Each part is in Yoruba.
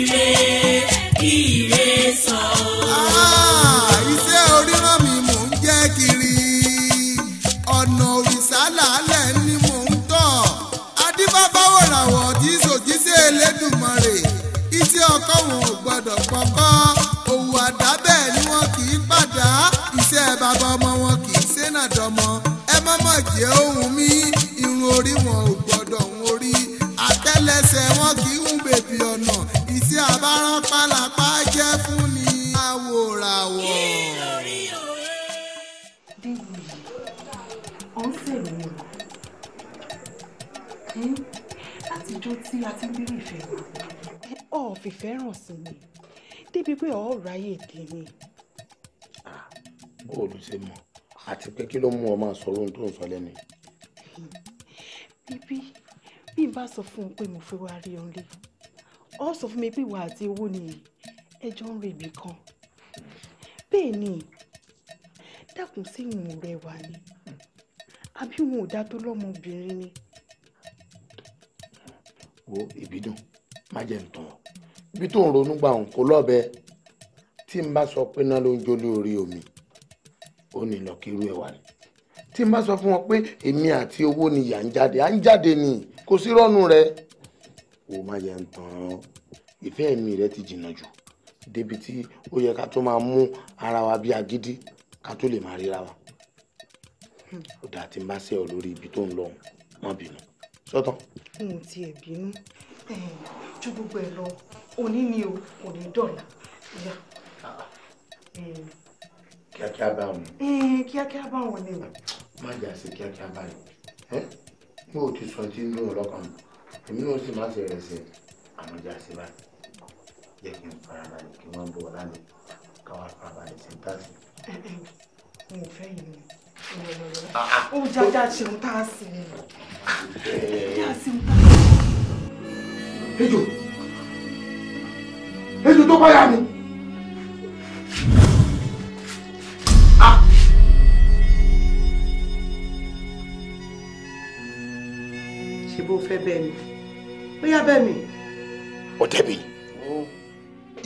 Amen. fẹ́ràn sí mi débi pé ọ̀ ráyè kí mi. bó o ló ṣe mọ àti pé kí ló mú ọ máa sọ ohun tó ń sọ lẹ́nu. bíbí bí n bá sọ fún un pé mo fẹ́ wá rí ọlé ọ sọ fún mi pé ìwà àti owó nìyí ẹjọ́ ń re ibì kan bẹ́ẹ̀ ni dákun sí ìwọ̀n rẹ wà ní àbí wọn ò dá tó lọ́mọbìnrin ni. wo ìbídùn má jẹ́ ń tàn ọ́ ibi tó ń ronú gbà ń kó lọ́bẹ tí n bá sọ pé náà ló ń jolú orí omi ó ní lọ́kírú ẹ̀ wà ní. tí n bá sọ fún wọn pé èmi àti owó ni yà ń jáde à ń jáde ni kò sí rọ́ọ̀nù rẹ. o má yẹ ń tàn án ìfẹ́ mi rẹ ti jìnnà jù débi tí ó yẹ ká tó máa mú ara wa bí agídí ká tó lè máa ríra wa. ó dà tí n bá sẹ́ ọ lórí ibi tó ń lọ mọ́ bínú sọ́tàn. n ò tiẹ̀ bínú Eh, ju gbogbo ẹ lọ òní ni o kò ní dọ̀là ìyá. Eh. kíákíá bá wọn. Eh, kíákíá bá wọn ni o. má jà sí kíákíá báyìí mo ò ti sọ tí ń dùn lọ́kàn èmi náà sì má ṣe rẹ̀ sí àwọn jà sí báyìí jẹ́ kí n farabalẹ̀ kí wọ́n bọ̀ lálẹ́ káwá farabalẹ̀ sí táàsì. mo fẹ́ yìí ni ah, ah. ó jájá ṣeun táàsì ni táàsì ń ejò ejò tó bá yà ni. Ah. ṣe bó fẹ́ bẹ́ẹ̀ ni ó yá bẹ́ẹ̀ mi. ọ̀tẹ̀ mi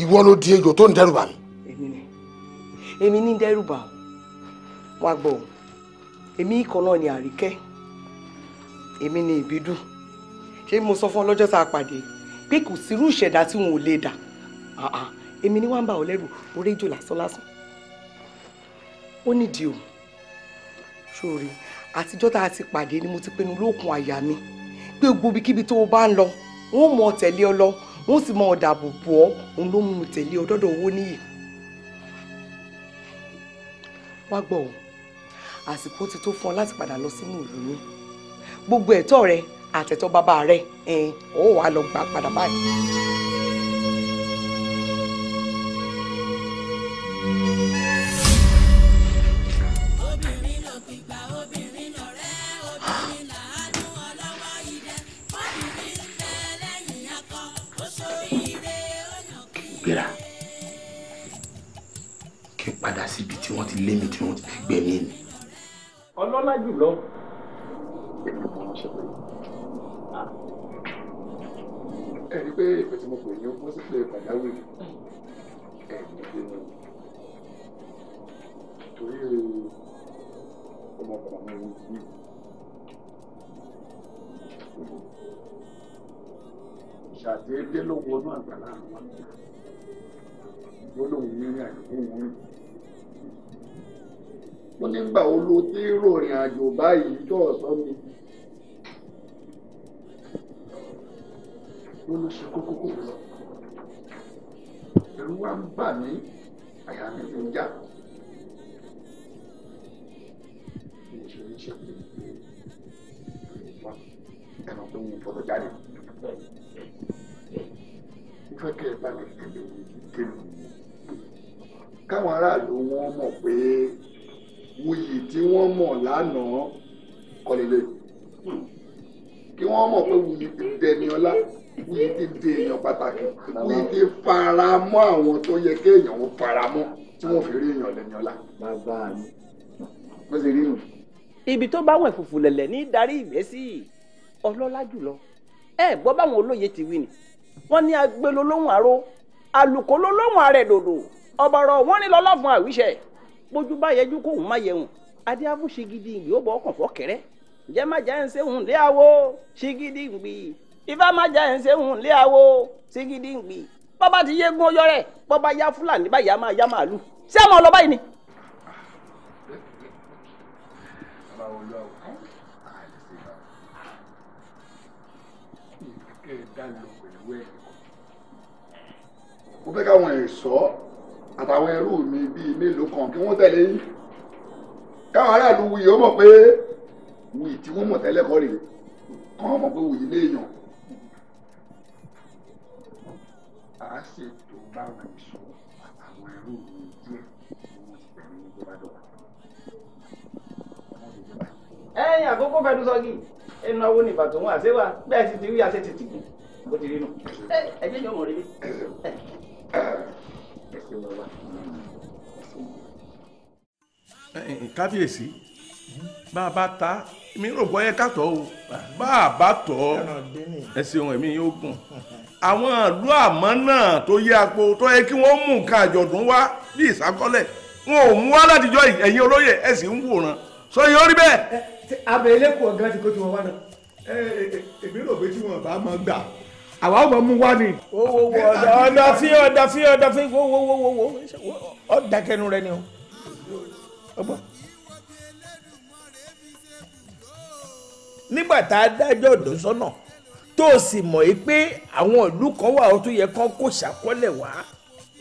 ìwọ ló di ejò tó ń dẹ́rù bà mí. èmi ni èmi ní dẹ́rù bà wá gbọ́ èmi ikọ̀ náà ni àríkẹ́ èmi ni ìbídùn ṣé mo sọ fún ọ lọ́jọ́ tá a pàdé pé kò sírú ìṣẹ̀dá tí wọn ò lè dà ah, ah, èmi ni wọ́n ń bà lẹ́rù orí ìjò lásán lásán ó nídìí o sórí àtijọ́ tá a ti pàdé ni mo ti pinnu lókun àyà mi pé gbogbo tó o bá ń lọ wọn ò mọ tẹ̀lé ọ lọ wọn ò sì mọ ọ̀dàbò bò ọ́ òun ló mú mi tẹ̀lé ọ dọ́dọ̀ owó níyì wá gbọ́ o àsìkò ti tó fún ọ láti padà lọ sínú ìlú mi gbogbo ẹ̀tọ́ rẹ àtẹ̀tọ́ bàbá rẹ̀ ó wàá lọ gbà padà báyìí. gbéra kí n padà síbi tí wọ́n ti lé mi tí wọ́n ti gbẹ̀mí mi. ọlọ́lá jùlọ. ẹ pé èpè tí mo pè yín mo sì pé pàjáwìrì ẹ nílé ni torí ọmọkùnrin mi ní ṣàdédé ló wọnú àgbàlá àwọn gbólóhùn nínú àyẹ̀wò wọn ó nígbà wo ló ti rò ìrìn àjò báyìí tó ọ̀sán mi. ó ló ṣe kókó kò lọ. wa ń bà mí àyà mi ń jà. mo ṣe pé ẹnu tó ń fọdọ̀ jáde. mo kí ẹ bá mi tẹ̀lé tẹ̀lé káwọn aráàlú wọn mọ̀ pé wuyì tí wọ́n mọ̀ lánàá kọ́lélẹ̀ kí wọ́n mọ̀ pé wuyì ti dẹni ọlá ní ti di èèyàn pàtàkì ní ti fara mọ́ àwọn tó yẹ kí èèyàn ó fara mọ́ tí wọ́n fi rí èèyàn lẹ́ni ọlá. bàbá mi mo sì rí nù. ibi tó bá wẹ̀ fùfù lẹ̀lẹ̀ ní darí ìmẹ́sì ọlọ́lá jùlọ ẹ gbọ́ báwọn olóye ti wí ni wọ́n ní agbélo lóhùn àró àlùkò ló lóhùn àrẹ̀ dòdò ọ̀bọ̀rọ̀ wọ́n ní lọ́lọ́fun àwíṣẹ́ bójú bá yẹjú kóhùn má yẹun adé abúṣe gidi ìgbì ó bọ̀ ọkàn fọ́ kẹrẹ́ ǹjẹ́ ń ṣe hùn dé àwo ṣe gidi ìgbì ifá má jẹ ẹ̀ ń ṣe hùn lé àwo ṣígídì ń gbì bọ́bá ti yégun ọyọ rẹ̀ bọ́bá yá fúlàní báyìí á máa yá màálù ṣé àmọ́ ọlọ́ báyìí ni. mo fẹ́ káwọn ẹ̀ṣọ́ àtàwọn ẹrú mi bíi mélòó kan kí wọ́n tẹ̀lé yín káwọn aráàlú wuyì ó mọ̀ pé wuyì tí wọ́n mọ̀ tẹ́lẹ̀ kọ́ rèé kọ́ mọ̀ pé wuyì léèyàn màá ṣètò báwọn ìṣó àwọn ẹrú mi díẹ̀ ní mo ti bẹ̀rẹ̀ ní ìjọba dọ̀wà. ẹ̀yin àkókò fẹnu sọgí ìnáwó ní ìbàdàn wọn àṣewà bẹ́ẹ̀ ti ti rí àṣẹ ti tìkì bó ti rí nù. ẹ ẹ jẹ́ ìyọ̀mọ̀ rẹ̀ kábíyèsí bá a bá ta mi rò bọ́yẹ ká tọ́ o bá a bá tọ́ ẹ ṣeun ẹ̀mí yóò gùn àwọn ìlú àmọ́ náà tó yẹ àpò tó yẹ kí wọ́n mú nǹkan àjọ̀dún wá bí ìsákọ́lẹ̀ wọn ò mú wá látijọ́ ẹ̀yin olóyè ẹ̀ sì ń wòran sọ yìí ó rí bẹ́ẹ̀. abẹ́ ilé kò gan ti kó tiwọn wá náà. èmi rò pé tí wọn bá máa gbà àwa ò mọ mú wá ni. ọ̀dà fi ọ̀dà fi ọ̀dà fi wo wo wo wo ọ̀dà kẹnu rẹ ni o. ọgbọ́n. nígbà tá a dájọ́ ọ̀dọ́ sọ́nà. So tó o sì mọ̀ yìí pé àwọn ìlú kan wà ó tó yẹ kán kó ṣàkọlẹ̀ wá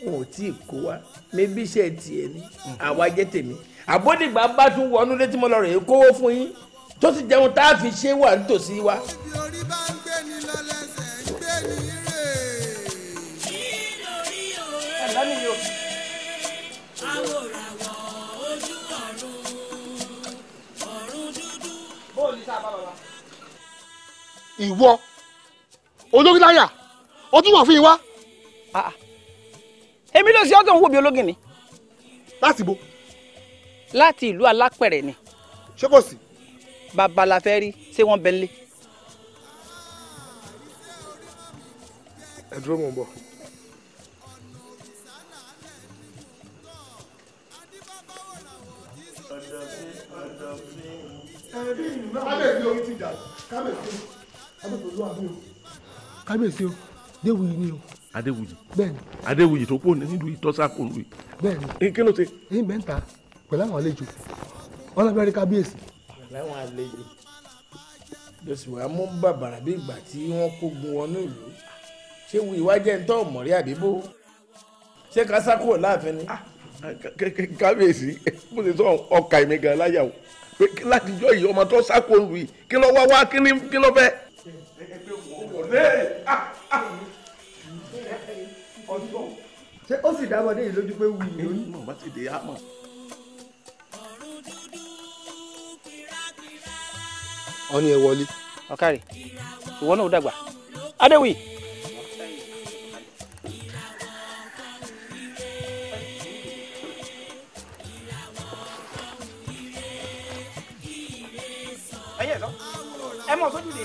wọn ò tí ì kó wa mébí iṣẹ́ tiẹ̀ ni àwa jẹ́ tèmi àbódìgbà bá tún wọnú létí mo lọ rè é kówó fún yín tó sì jẹun tá a fi ṣe wà nítòsí wa. ìwọ olórí láyà ó tún wà fún yín wá. Ah, ah. èmi ló ṣe ọtọ̀ ń wò bí ológin ni. láti bo. láti ìlú alápẹ̀rẹ̀ ni. ṣé kò sí. bàbá la fẹ́ rí ṣé wọ́n bẹ́ńlé. ẹ dúró mò ń bọ̀. kábẹ̀sí orí ti dà kábẹ̀sí kábẹ̀sí olú àbúrò kábíyèsí o adéwuyì ni o. adéwuyì bẹ́ẹ̀ni adéwuyì tó pọ̀ nílùú ìtọ́sà kò lù í. bẹ́ẹ̀ni kí ló ṣe. èyí bẹ́ẹ̀ ń ta pẹ̀lú àwọn àlejò wọn lábẹ́ rí kábíyèsí. láwọn àlejò lọ́sì wàá mú bàbàrà bí ìgbà tí wọ́n kógun wọnú ìlú ṣé wu ìwájẹ́ ń tọ́ ọ̀mọ̀rí àbíbó ṣé ká kúrò láàfin ni. Ah, kábíyèsí mo ti sọ ọkà ìmẹ̀gàn láyà o láti jọ ìyọmọ tó lù í kí ló wá wá kí ló fẹ́ ẹgbẹ́ wọ̀ léèrè ọjọ́. ṣé ó sì dábọ̀ ní ìlójú pé wù yìí lónìí. mọ̀ bá ti dè á wọlé. ọ̀kàrẹ̀ ìwọ náà ó dàgbà adéwì. ẹ mọ̀ sójú de.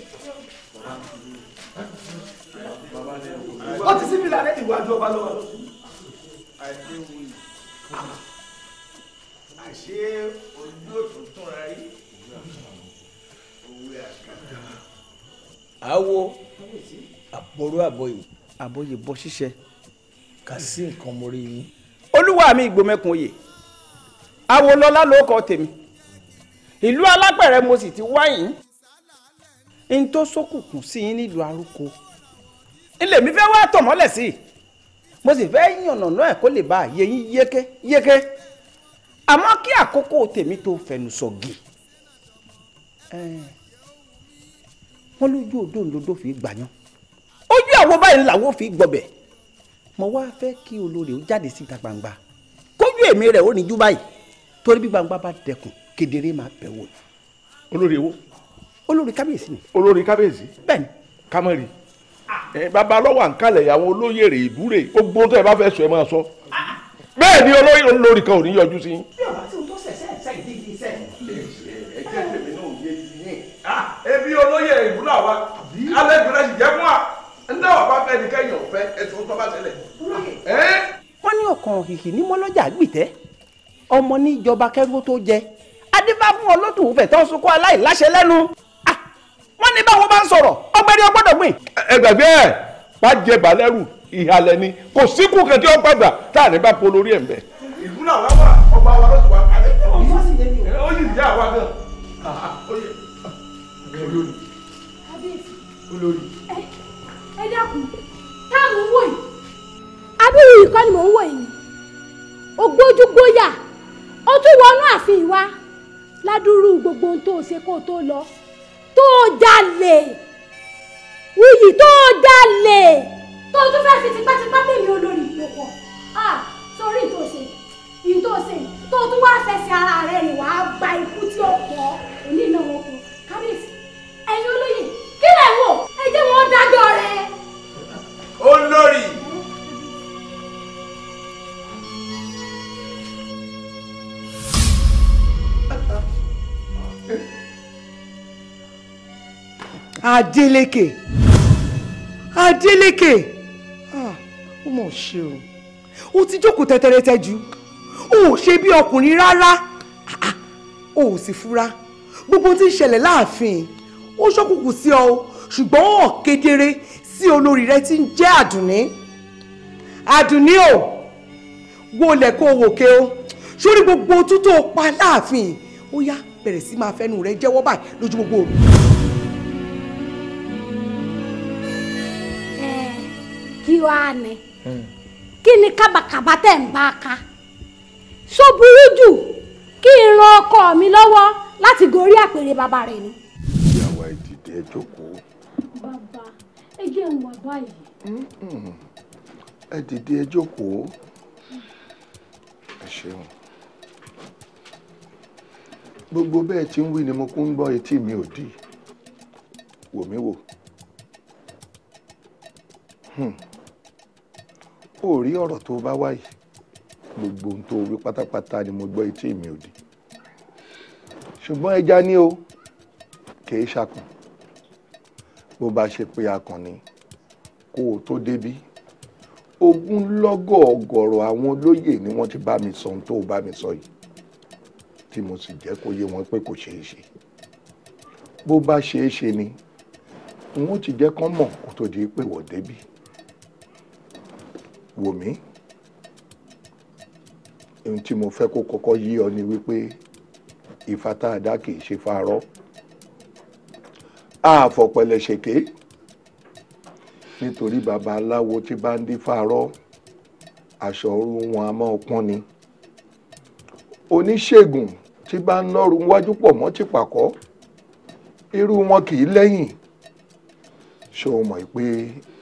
ó ti síbi lálẹ́ ìwájú ọba lọ́wọ́ lọ. àìsí wù ní. àṣé ojú òtún tún ra rí. òwe àkàndá. àwo àpòrò àbọyè àbọyè bọ ṣíṣe kà sí nǹkan mo rí yín. olúwa mi ìgbòmẹkùn oyè awolọlá ló kọ tèmi ìlú alápẹ̀rẹ̀ mo sì ti wáyìn n tó ṣókùnkùn sí yín nílùú arúgbó ilé mi fẹ́ wá tọ̀ mọ́lẹ̀ sí i mo sì fẹ́ yànnà náà ẹ̀ kó lè bá àyè yín yéké yéké àmọ́ kí àkókò tèmi tó fẹnu sọ̀gì wọ́n lójú odò ńlọdọ̀ fi gbàyàn ojú àwo báyìí làwọn fi gbọ̀bẹ̀ mo wá fẹ́ kí olórí ó jáde síta gbangba kójú èmi rẹ̀ ó níjú báyìí torí bí gbangba bá dẹkùn kedere máa bẹ̀ wò. olórí wo. olórí kábíyèsí ni. olórí kábíyèsí. bẹ́ẹ̀ni. kámẹ́rì bàbá lọ́wọ́ àǹkálẹ̀ ìyàwó olóyè rè ìbúrè gbogbo tó ẹ bá fẹ́ sọ ẹ máa sọ bẹ́ẹ̀ ni olóyè olórí kan ò ní yọjú sí. Ah, ebi olóyè ìbúrà wa alẹ́ ìbúrà sì jẹ́ fún wa ndé wà bá fẹ́ nìkan yàn fẹ́ ẹtù tó bá tẹ̀lé. wọ́n ní ọkàn òhìhì ní mọ́lọ́jà gbìtẹ́ ọmọ níjọba kẹ́gbó tó jẹ adébá fún ọlọ́tún òfẹ́ tó sunkún aláìláṣẹ lẹ́nu wọ́n ní báwo bá ń sọ̀rọ̀ ọgbẹ́ni ọgbọ́dọ̀ gbìn. ẹ gbàgbé ẹ wá jẹ balẹ̀rù ìhàlẹ̀ ni kò síkù kẹ̀kẹ́ ọgbàgbà tá à ní bá polórí ẹ̀ ń bẹ̀. ìlú náà wá wà ọba wa lọ́sùn wa kalẹ̀. ó sì yá wa gan. olórí. olórí. ẹ dákun táàmù wò yìí. abúlé yìí kọ́ ni mò ń wò yìí ògbójúgbóyà ó tún wọnú ààfin ìwà ládùúrú gbogbo ohun tó ṣe kó tó lọ tó jalè wuyì tó jalè tó tún fẹ́ fi tipátipá tèmi olórí ìgbòkọ̀ à sórí ìtòsè ìtòsè tó tún wá fẹsẹ̀ ara rẹ̀ ni wàá gba ikú tí ó pọ̀ òní náà wọn kù kábíyèsí ẹ̀yin olóyè kí lẹ̀ wò ẹ jẹ́ wọn dájọ́ rẹ̀. olórí. Thank you. Adeleke, Adélékè ah, ó mọ̀ ṣe o ó ti jókòó tẹ́tẹ́rẹ́tẹ́ jù ó ò ṣe bí ọkùnrin rárá ó ah, ah, ò sì fura gbogbo tí ń ṣẹlẹ̀ láàfin ó ṣọ́kùnkù sí ọ ṣùgbọ́n ó kedere sí olórí rẹ tí ń jẹ́ àdùnní àdùnní o wo lẹ̀ kó o wòkè o sórí gbogbo tútó pa láàfin ó yá bẹ̀rẹ̀ sí máa fẹnu rẹ jẹ́wọ́ báyìí lójú gbogbo òru. wá ni hmm. kí ni kábàkàbà tẹ̀ ń bá a ka ṣó burú jù kí n ran ọkọ mi lọ́wọ́ láti gorí àpèrè bàbá rẹ̀ ni. ìyàwó ẹ dìde ẹ jókòó. bàbá ẹ jẹ́ ń wà báyìí. Hmm. ẹ dìde ẹ jókòó ẹ ṣeun gbogbo bẹ́ẹ̀ tí ń wí ni mo kún ń gbọ́ etí mi ò dì wò mí wò. Hmm ó rí ọ̀rọ̀ tó bá wáyé gbogbo ohun tó wí pátápátá ni mo gbọ́ etí mi òdì ṣùgbọ́n ẹja ní o kìí ṣakùn bó bá ṣe pé akànnì kó o tó débí ogún lọ́gọ̀ ọ̀gọ̀rọ̀ àwọn olóyè ni wọ́n ti bá mi sọ ohun tó bá mi sọ yìí tí mo sì jẹ́ kó yé wọn pé kò ṣeé ṣe bó bá ṣeé ṣe ni n ó ti jẹ́ kán mọ̀ kó tó di pé wọ́n débí wò mí ohun tí mo fẹ́ kó kọ́kọ́ yí ọ ni wípé Ifá tá a dá kì í ṣe fárọ́ àfọ̀pẹ̀lẹ̀ ṣèké nítorí baba aláwo tí bá ń dí fárọ́ aṣọ orú wọn a máa pọ́n ni oníṣègùn tí bá ń nọ́rù wájú pọ̀ mọ́ ti pàkọ́ irú wọn kì í lẹ́yìn ṣé o mọ̀ pé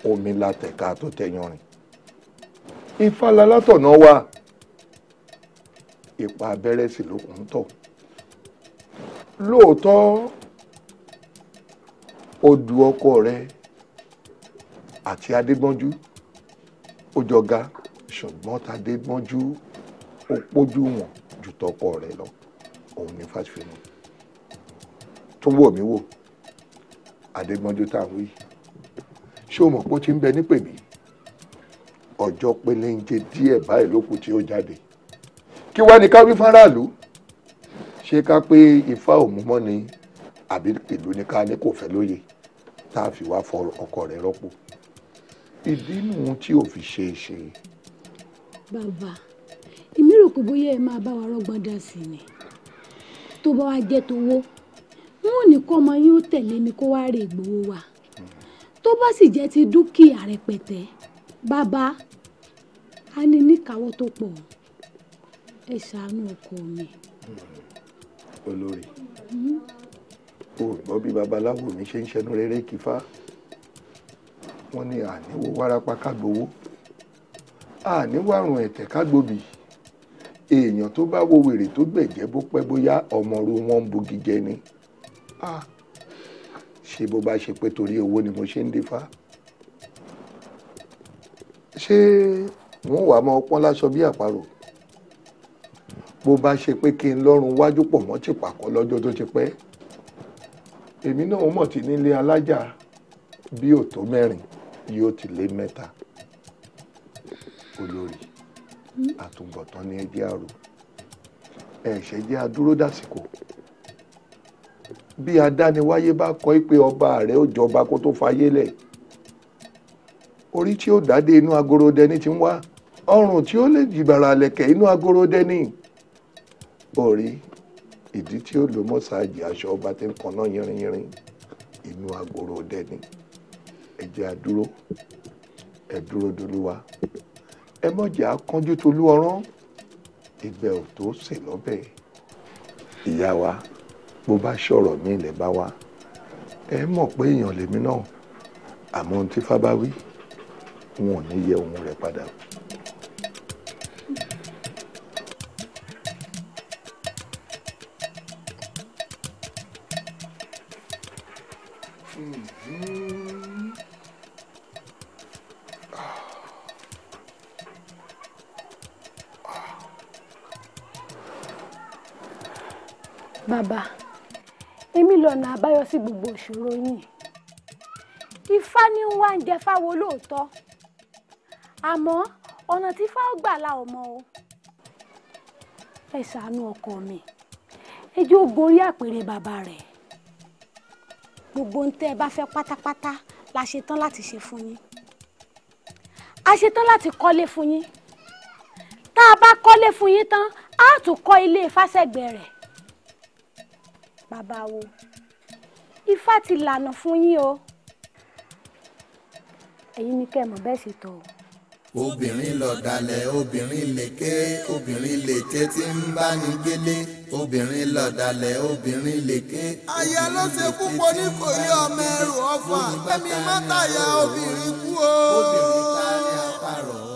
omi la tẹ̀ka tó tẹ̀yàn rìn ìfàlà látọ̀nà wa ipa abẹ́rẹ́ sì ló ń tọ̀ lóòótọ́ odù ọkọ rẹ àti adégbọ́njú ó jọga ṣùgbọ́n tàdégbọ́njú ó pójú wọn ju tọkọ rẹ lọ òun ní fàṣẹmù tó wò mí wò adégbọ́njú tá à ń wí ṣé o mọ̀ pé ó ti ń bẹ nípè mí ọjọ́ pélénje díẹ̀ báyìí ló kù tí ó jáde kí wá ní ká wí fáráàlú ṣé ká pé ifá òmùmọ́ ni àbí ìlú ni ká ní kò fẹ́ lóye tá a fi wá fọ ọkọ rẹ̀ rọ́pò ìdí nù tí ò fi ṣe é ṣe. bàbá èmi rò pé bóyá ẹ máa bá wa rọ́gbọ́n dá sí ni tó bá wa jẹ́ tówó wọn ò ní kọ́ ọmọ yín ó tẹ̀lé mi kó wá rè gbowó wa hmm. tó bá sì jẹ́ ti dúkìá rẹpẹtẹ bàbá a ní níkàáwọ́ tó pọ̀ ẹ ṣàánú ọkọ mi. olórí mm-hmm. o gbọ́ bí babaláwo mi ṣe ń ṣẹnu rere kífá wọ́n ní àníwò wárápá kágbowó àníwò àrùn ẹ̀tẹ̀ kágbòbì èèyàn tó bá wo wèrè tó gbẹ̀jẹ́ bó pẹ́ bóyá ọmọọ̀rú wọn ń bugi jẹ ni ṣé bó bá ṣe pé torí owó ni mo ṣe ń dífá ṣé wọ́n wàá mọ ọpọ́n láṣọ bí àparò bó bá ṣe pé kí n lọ́rùn wájú pọ̀ mọ́ ti pàkọ́ lọ́jọ́ tó ti pẹ́ èmi náà mọ̀ tí nílé alájà bí ò tó mẹ́rin yóò ti lé mẹ́ta olórí àtúbọ̀tán ni ẹ jẹ́ àrò ẹ̀ṣẹ̀ jẹ́ adúró dàsìkò bí adániwáyé bá kọ́ ìpè ọba rẹ̀ ó jọba kó tó fayé lẹ̀ orí tí ó dádé inú agoro dẹni ti ń wá ọrùn tí ó lè jìbàrà lẹ̀kẹ̀ inú agoro dẹni orí ìdí tí ó lò mọ́sáàjì aṣọ ọba tí ń kaná yínrínyínrín inú agoro dẹni ẹ jẹ́ àdúró ẹ dúró dolúwa ẹ mọ̀jẹ̀ akánjú tolú ọrán ibẹ̀ ò tó sè lọ́bẹ̀ ìyá wa bó bá sọ̀rọ̀ mi ilẹ̀ bá wa ẹ mọ̀ pé èèyàn lèmi náà àmọ́ ohun tí fábá wí wọn ò ní yẹ ohun rẹ̀ padà. Bàbá, èmi lọ̀nà àbáyọ sí gbogbo ìṣòro yín. Ifá ní ń wá ń jẹ fáwọn olóòótọ́ àmọ́ ọ̀nà tí fáwọn gbà la ò mọ̀ o ẹ ṣàánú ọkọ mi ẹjọ́ ògorí àpèrè bàbá rẹ̀ gbogbo ń tẹ́ ẹ bá fẹ́ pátápátá la ṣetán láti ṣe fún yín a ṣetán láti kọ́lé fún yín tá a bá kọ́lé fún yín tán á tún kọ́ ilé ìfásẹ̀gbẹ̀ rẹ̀ bàbá wo ifá ti lànà fún yín o èyí ni kẹ́ ẹ mọ̀ bẹ́ẹ̀ ṣe tọ̀ o obìnrin lọ̀dàlẹ̀ obìnrin lèké obìnrin lètè tí ń bá ní gbélé obìnrin lọ̀dàlẹ̀ obìnrin lèké. àyà ló ṣe púpọ̀ ní kò yí ọmọ ẹrù ọ̀fà fẹ́mi mọ́tàyà obìnrin kú o. obìnrin tá a ní àpárọ̀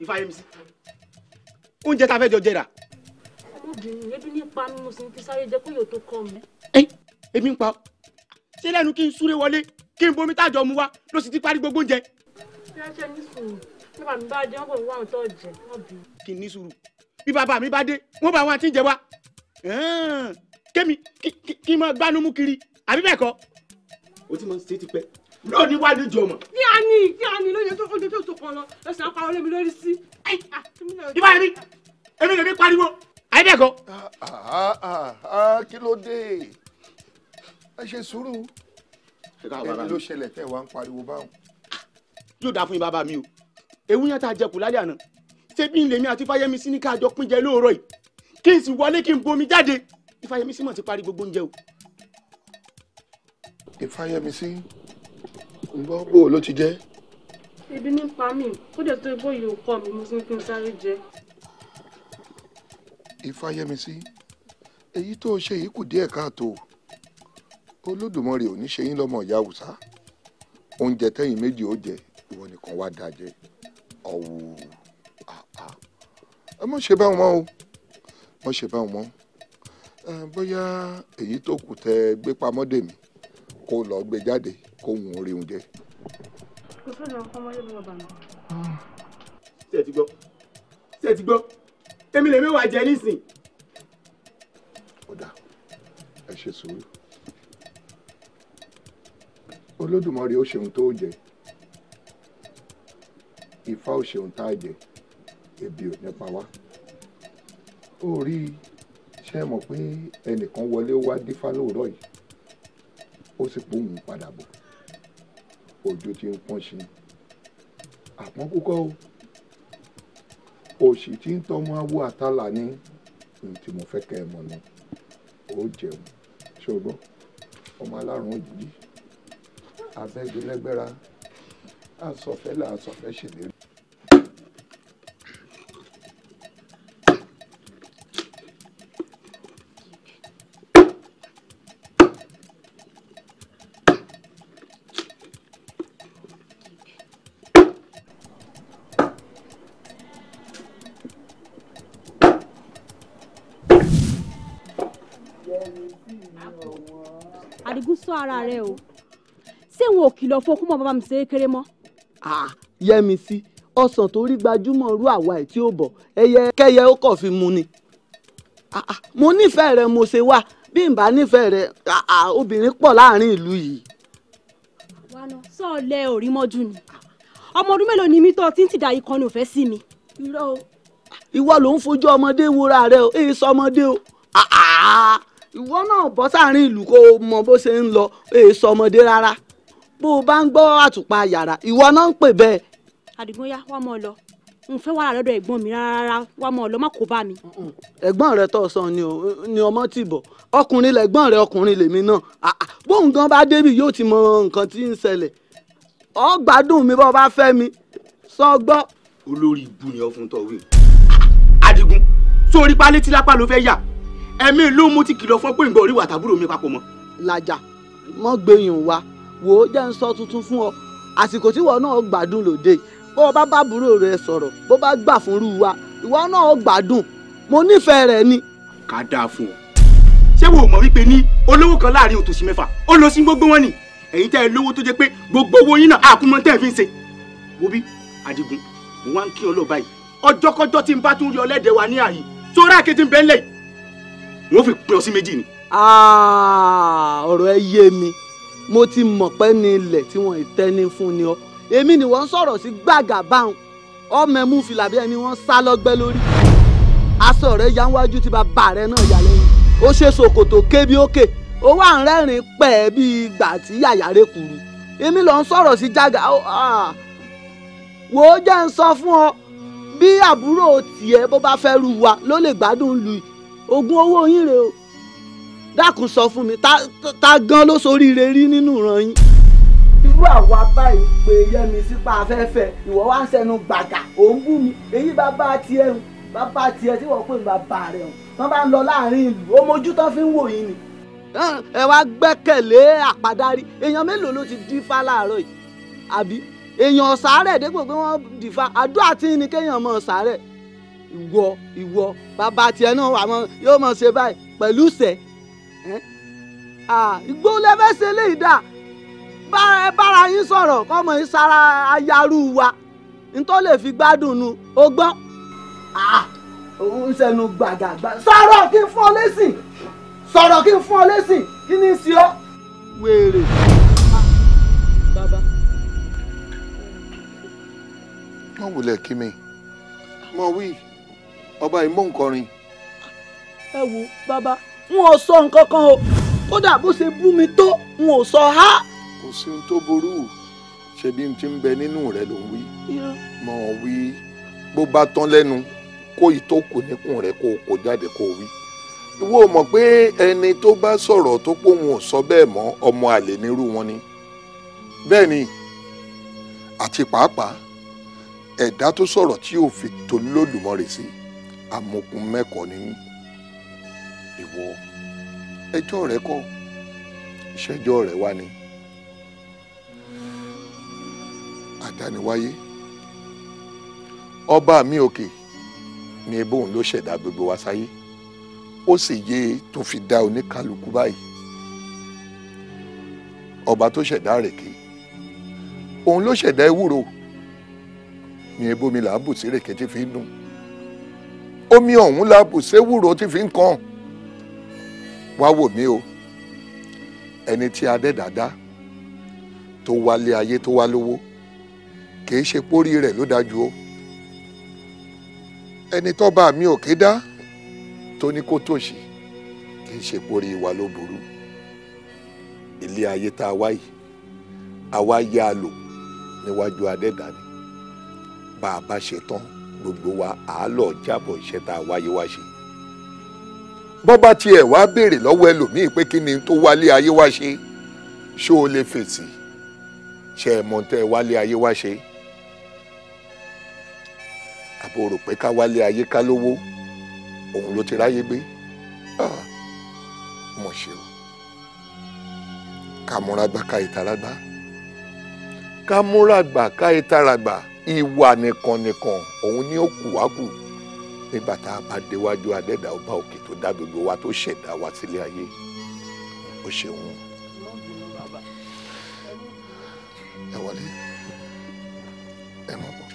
Ifáyẹmísí oúnjẹ tá a fẹ́ jọ jẹrà. obìnrin ebi ní pa mi mo sì ń fi sáré jẹ kóyò tó kọ mi. ẹ ebi ń pa ọ ṣé lẹ́nu kí n súré wọlé kí n bomi tájọ mu wá ló sì ti parí gbogbo oúnjẹ. bí a ṣe ní sùúrù bí bàbá mi bá dé wọn kò wá àwọn tó jẹ wọn bí. kì í ní sùúrù bí bàbá mi bá dé wọn bá wọn àti ìjẹ wa kémi kí n máa gbánú mú kiri àbí bẹ́ẹ̀ kọ́. o ti máa ń ṣe é tipẹ́ ló ní wá níjọ mọ. kí a ní kí a ní lóye tó oúnjẹ tó sọkàn lọ lọsàn án parọ́ lé mi lórí sí. ibà yẹn mi èmi lè mi pariwo àìbẹ́ẹ̀kọ́. Ah, ah, ah, kí ló dé ẹ ṣe sùúrù èmi ló ṣẹlẹ̀ tẹ́ wàá ń pariwo báwọn. yóò dáa fún yín bàbá mi o ewu yẹn tá a jẹ kù lálẹ́ àná ṣebí ń lèmi àti fáyemí sí ní ká jọ pín jẹ lóòrọ̀ yìí kí n sì wọlé kí n bomi jáde ìfáyemí sí mọ̀ ti parí gbogbo oúnjẹ o. ìfáyemí sí ǹgbọ́ bò ló ti jẹ́. ebi ní pa mí kó dẹ̀ tó igbó yìí ò kọ́ mi mo ti ní kí n sáré jẹ. ìfàyẹmísí èyí tó ṣe yìí kù díẹ̀ káàtó olódùmarè ò ní ṣe yín lọ́mọ ìyá àwùsá oúnjẹ tẹ́yìn méjì ó jẹ ìwọ nìkan wá dáa jẹ ọ̀wù ẹ mọ̀ ṣe báwọn mọ́ o mọ̀ ṣe báwọn mọ́ bóyá èyí tó kù tẹ gbé pamọ́ dèmí kó lọ gbé jáde kóhun orí oúnjẹ. kò tó lọ fọmọ yóò lọ bà mí. ṣé ẹ ti gbọ́ ṣé ẹ ti gbọ́ èmi lèmi wà jẹ nísìn. ọ̀dà ẹ ṣe sùúrù olódùmarè ó ṣeun tó jẹ ifá ò ṣeun tá a jẹ ebi ò nípa wá ó rí ṣe mọ̀ pé ẹnìkan wọlé wá dífá lóòrọ̀ yìí ó sì pòun padà bọ̀ ojú tí ń pọ́n sí àpọ́n púpọ̀ o òṣì tí ń tọmọ awó àtàlà ní tí mo fẹ́ kẹ́ ẹ mọ̀ ni ó jẹun ṣùgbọ́n ọmọ alárùn òjijì abẹ́gbẹ́lẹ́gbẹ́ra àsọfẹ́ là àsọfẹ́ ṣèlérí. ara rẹ o ṣé wọn ò kìlọ̀ fún okúmọ̀ bàbá mi ṣe é kéré mọ́. Yẹ́misí ọsàn tó rí gbajúmọ̀ rú àwa ẹ̀ tí ó bọ̀ ẹyẹ kẹyẹ ó kọ̀ fi mu ni mo nífẹ̀ẹ́ rẹ mo ṣe wá bí n bá nífẹ̀ẹ́ rẹ obìnrin pọ̀ láàrin ìlú yìí. wàá sọ̀lẹ̀ òrí mọ́jú ni ọmọ ọdún mélòó ni mi tó ti ń tìdá yìí kan ní òfẹ́ sí mi. irọ́ o. ìwọ ló ń fojú ọmọdé wúrà rẹ o èyí sọ ọmọdé o ìwọ náà bọ́ sáàrin ìlú kó o mọ bó ṣe ń lọ èso e ọmọdé rárá bó o bá ń gbọ́ àtùpà yàrá ìwọ náà ń pè bẹ́ẹ̀. àdìgún yá wàá mọ ọ lọ n fẹ́ wàhálà lọ́dọ̀ ẹ̀gbọ́n mi rárá wàá mọ ọ lọ má kó bá mi. ẹ̀gbọ́n rẹ tó sọ ni ọmọ ti bọ̀ ọkùnrin lẹ̀gbọ́n rẹ ọkùnrin lèmi náà ah, ah. bóun gan bá débi yóò ti mọ nǹkan tí ń ṣẹlẹ̀ ọ gbádùn mi bọ́ bá fẹ́ mi sọ gbọ́. olórí ibu ni ọ fún tọ́wé. àdìgún ah, sórí pálí tí lápá ló fẹ́ yà ẹ̀mí ìlú mo ti kìlọ̀ fún pé nǹkan orí wà tàbúrò mi papọ̀ mọ́. làjà mọ́ gbẹ̀yìn wa wò ó jẹ́ ń sọ tuntun fún ọ àsìkò tí wọn náà gbádùn lòdì bó o bá bá àbúrò rẹ sọ̀rọ̀ bó bá gbà fúnrú wa ìwọ náà gbádùn mo nífẹ̀ẹ́ rẹ ni. ká dáa fún ọ ṣé wo mọ̀ wípé ní olówó kan láàrin òtòṣì mẹ́fà ó lọ sí gbogbo wọn ni ẹ̀yin tẹ́ ẹ lówó tó jẹ́ pé gbogbo owó yín náà àkúmọ̀ tẹ́ ẹ fi ń ṣe. wo bí Adigun mo wá ń kí ọ báyìí ọjọ́kọ́jọ́ tí n bá tún rí ọlẹ́dẹ̀ wa ní ààyè tó rà kété ń bẹ́ńlẹ̀ yìí n ó fi pín ọ sí méjì ni. Ah, ọ̀rọ̀ ẹ yé mi mo ti mọ̀ pé ní ilẹ̀ tí wọ́n tẹ́ni fún ni ọ èmi ni wọ́n sọ̀rọ̀ sí gbàgà báwọn ọmọ ẹ̀mú fìlà bí ẹni wọ́n sá lọ́gbẹ́ lórí aṣọ rẹ̀ ya wájú tí bàbá rẹ̀ náà yà lẹ́yìn ó ṣe ṣòkòtò kébí òkè ó wà ń rẹ́rìn pẹ́ bíi ìgbà tí yàyà rẹ̀ èmi lọ sọ̀rọ̀ sí jágà ah. wò ó jẹ́ ń sọ fún ọ bí àbúrò tiẹ̀ bó bá fẹ́ ru wa ló lè gbádùn lu oògùn owó yín rèé o dákun sọ fún mi ta gan ló ṣoríire rí nínú ìran yín irú àwa báyìí pé yẹmi sípa afẹ́fẹ́ ìwọ wá ń sẹnu gbàgà òun bú mi èyí bàbá tiẹ̀ ń bàbá tiẹ̀ tí wọ́n pè ní bàbá rẹ̀ ń wọ́n bá ń lọ láàrin ìlú ó mojú tán fi ń wò yín ni. ẹ wá gbẹ́kẹ̀lé àpádárí èèyàn mélòó ló ti dífá láàárọ̀ yìí àbí èèyàn ọ̀sàárẹ̀ dépò pé wọ́n dífá àdúrà tí ní kéèyàn mọ̀ ọ̀sàárẹ̀ ìwọ ìwọ bàbá tiẹ̀ náà àwọn yóò mọ̀ ṣe báyìí pẹ̀lú sẹ̀ ìgbó lẹ́fẹ̀sẹ̀ lè dà bára yín sọ̀rọ̀ kọ́mọ yín sara ayarú wa ntọ́ lè fi gbádùn nu ó gbọ́n òun sẹ́nu gbàgàgbà sọ̀rọ̀ kí n fún ọ lẹ́sìn sọ̀rọ̀ kí n fún ọ lẹ́sìn kí ni sí ọ. wèrè. bàbá. wọ́n wulẹ̀ kí mi mo wí ọba yìí mò ń kọrin. ẹ wo bàbá n ò sọ nǹkan kan o kódà bó ṣe bú mi tó n ò sọ ha. kò sí ohun tó burú ṣebí n ti ń bẹ nínú rẹ ló ń wí mọ ọ wí bó bá tán lẹ́nu kó ìtókù níkùn rẹ kó o kó jáde kó o wí ìwọ mọ̀ pé ẹni tó bá sọ̀rọ̀ tó pòun ò sọ bẹ́ẹ̀ mọ́ ọmọ àlè nírú wọn ni bẹ́ẹ̀ ni àti pàápàá ẹ̀dá tó sọ̀rọ̀ tí ò fi tó lódùmọ̀rẹ̀ sí i amokun mẹ́kọ̀ ni yín ìwọ ẹjọ́ rẹ kọ́ ìṣẹ́jọ́ rẹ wá ni àdániwáyé ọba mi òkè ni ebóun ló ṣẹ̀dá gbogbo wa sáyé ó sì yé tó fi dá oníkálukú báyìí ọba tó ṣẹ̀dá rèké òun ló ṣẹ̀dá ewúro ni ebomi là ń bù sí rèké tí fi ń dùn omi ọ̀hún la bù séwúrò tí fi ń kan wá wò mí o ẹni tí adẹ́dàdá tó wálé ayé tó wá lówó kì í ṣe pórí rẹ̀ ló dájú o ẹni tọ́ba mi ò ké dá tó ní kó tòṣì kì í ṣe pórí wa ló burú ilé ayé tá a wá yìí àwa yá a lò níwájú adẹ́dàá ni bá a ṣe tán gbogbo wa àálọ̀ jábọ̀ iṣẹ́ tá a wáyé wá ṣe bọ́ bá tiẹ̀ wá béèrè lọ́wọ́ ẹlòmíì pé kí ni tó wálé ayé wá ṣe ṣé o lè fèsì ṣe é mọ̀ tẹ́ wálé ayé wá ṣe àbò rò pé ká wálé ayé ká lówó òun ló ti ráyé gbé ah, mọ̀ ṣe o ká ká ìtara gbà ká múra gbà ìwà nìkan nìkan òun ni ó kù wá kù nígbà tá a bá déwájú adẹ́dà ọba òkè tó dá gbogbo wa tó ṣẹ̀dá wa sílé ayé ó ṣeun. ẹ wọlé ẹ mọ̀ bọ̀.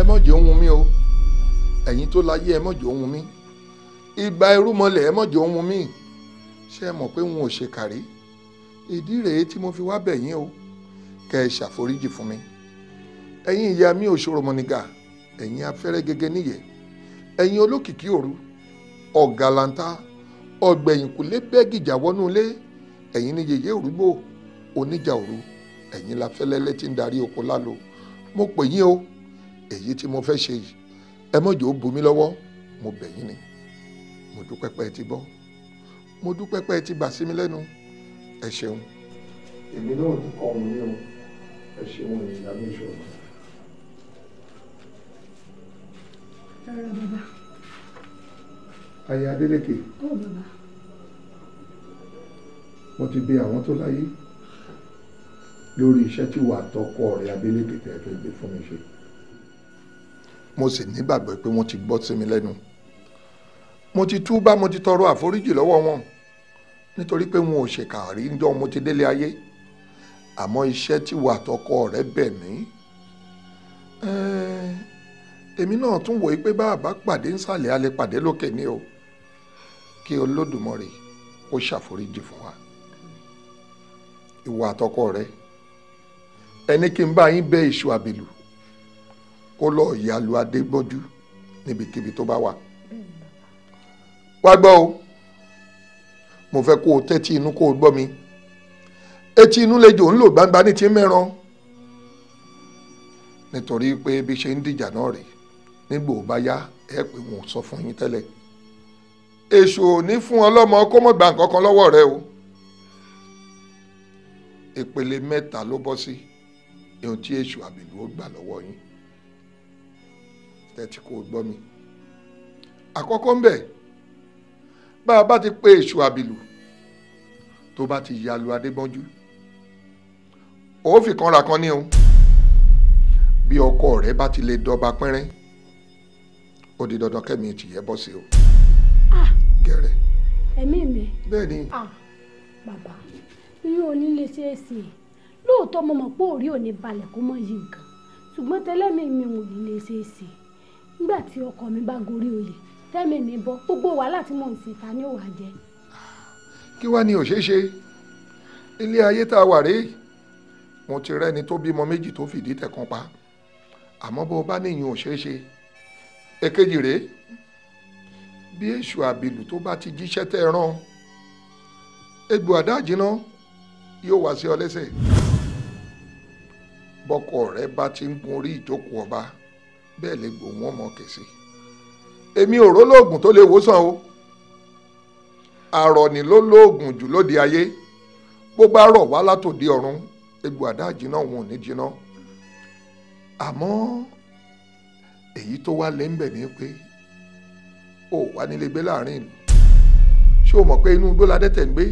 ẹ mọ̀ jẹ́ ohun mi o ẹ̀yin tó láyé ẹ mọ̀ jẹ́ ohun mi ìgbà irúmọlẹ̀ ẹ mọ̀ jẹ́ ohun mi ṣé ẹ mọ̀ pé n ò ṣe kàrí ìdí rèé tí mo fi wá bẹ̀ yín o kẹ́ ẹ ṣàforíjì fún mi ẹ̀yin ìyá mi ò ṣòro mọ̀nìgà ẹ̀yin afẹ́rẹ́ gẹ́gẹ́ níyẹ̀ ẹ̀yin olókìkí òru ọ̀gàlàǹtà ọ̀gbẹ̀yìnkùlé bẹ́gìjà wọnú ilé ẹ̀yin ni yèyé òrúgbó oníjà òru ẹ̀yin la fẹ́lẹ́lẹ́ tí ń darí oko lálo mo pè yín o èyí tí mo fẹ́ ṣe yìí ẹ mọ̀jọ́ bù mí lọ́wọ́ mo bẹ̀ yín ni mo dúpẹ́ pé ẹ ti gbọ́ mo dúpẹ́ pé ẹ ti gbà sí mi lẹ́nu ẹ ṣeun. èmi náà ti kọ́ ọ̀hún ní o ẹ ṣeun ìyá mi ṣòro. rárá bàbá. aya Adélékè. ó bàbá. mo ti bẹ̀ àwọn tó láyé lórí iṣẹ́ tí wàá tọkọ rẹ̀ Adélékè tẹ̀ fẹ́ gbé fún mi ṣe mo sì nígbàgbọ́ pé wọ́n ti gbọ́ sí mi lẹ́nu mo ti túbá mo ti tọrọ àforíjì lọ́wọ́ wọn nítorí pé wọn ò ṣèkà rí níjọ́ mo ti délé ayé àmọ́ iṣẹ́ tí wà tọkọ rẹ bẹ̀ mí. èmi náà tún wòye pé bá a bá pàdé nsàlẹ̀ a lè pàdé lókè ní o kí olódùmarè ó ṣàforíjì fún wa. ìwà àtọkọ rẹ ẹni kí n bá yín bẹ èṣù àbèlú kó lọ ìyàlú adégbọ́njú níbikíbi tó bá wà. wá gbọ́ o mo fẹ́ kó o tẹ́tí inú kó o gbọ́ mi etí inú lejò ń lò gbangba ní ti mẹ́ran nítorí pé bí ṣe ń dìjà náà rèé nígbò bá yá ẹ pé wọn ò sọ fún yín tẹ́lẹ̀ èṣù ò ní fún ọlọ́mọ kó mọ̀ gbà nǹkan kan lọ́wọ́ rẹ o ìpele mẹ́ta ló bọ́ sí ohun tí èṣù àbìlú ó gbà lọ́wọ́ yín tẹ́tí kò gbọ́ mi àkọ́kọ́ ń bẹ̀ bá a bá ti pé èṣù àbìlú tó bá ti ya lu adébọ́njú ó fi kanra kan ní o bí ọkọ rẹ bá ti lè dọba pẹ́rẹ́ ó di dandan kẹ́mi ti yẹ bọ́ sí o ah! gẹ̀rẹ́. ẹ̀mí mi. bẹ́ẹ̀ ni. Ah! bàbá irú onílé ṣeé ṣe lóòótọ́ mo mọ̀ pé òrí ò ní balẹ̀ kó mọ̀ yí nǹkan ṣùgbọ́n tẹ́lẹ̀mí mi ò ní lè ṣeé ṣe nígbà tí ọkọ mi bá gorí oyè tẹ́mi mi bọ́ gbogbo wàhálà tí mò ń ṣe ta ni ó wàá jẹ́ kí wá ni ò ṣeé ṣe ilé ayé tá a wà rèé mo ti rẹ́ni tó bímọ méjì tó fìdí tẹ̀kan pa àmọ́ bó o bá níyìn ò ṣeé ṣe èkejì rèé bí èṣù àbìlù tó bá ti jíṣẹ́ tẹ́ ẹ rán egbò àdáàjìná yóò wá sí ọ lẹ́sẹ̀ bọ́kọ rẹ bá ti ń gun orí ìjókòó ọba bẹ́ẹ̀ lè gbòó wọn mọ̀ kẹ̀sí èmi ò rólóògùn tó lè wòsàn o àrọ̀nì ló lóògùn jù lóde ayé bó bá rọ̀ wá látòdì ọ̀run egbò àdá jiná òun ò ní jiná àmọ́ èyí tó wá lé ń pé ó wà nílé gbé láàrin ìlú ṣé o mọ̀ pé inú igbó la dẹ́tẹ̀ ń gbé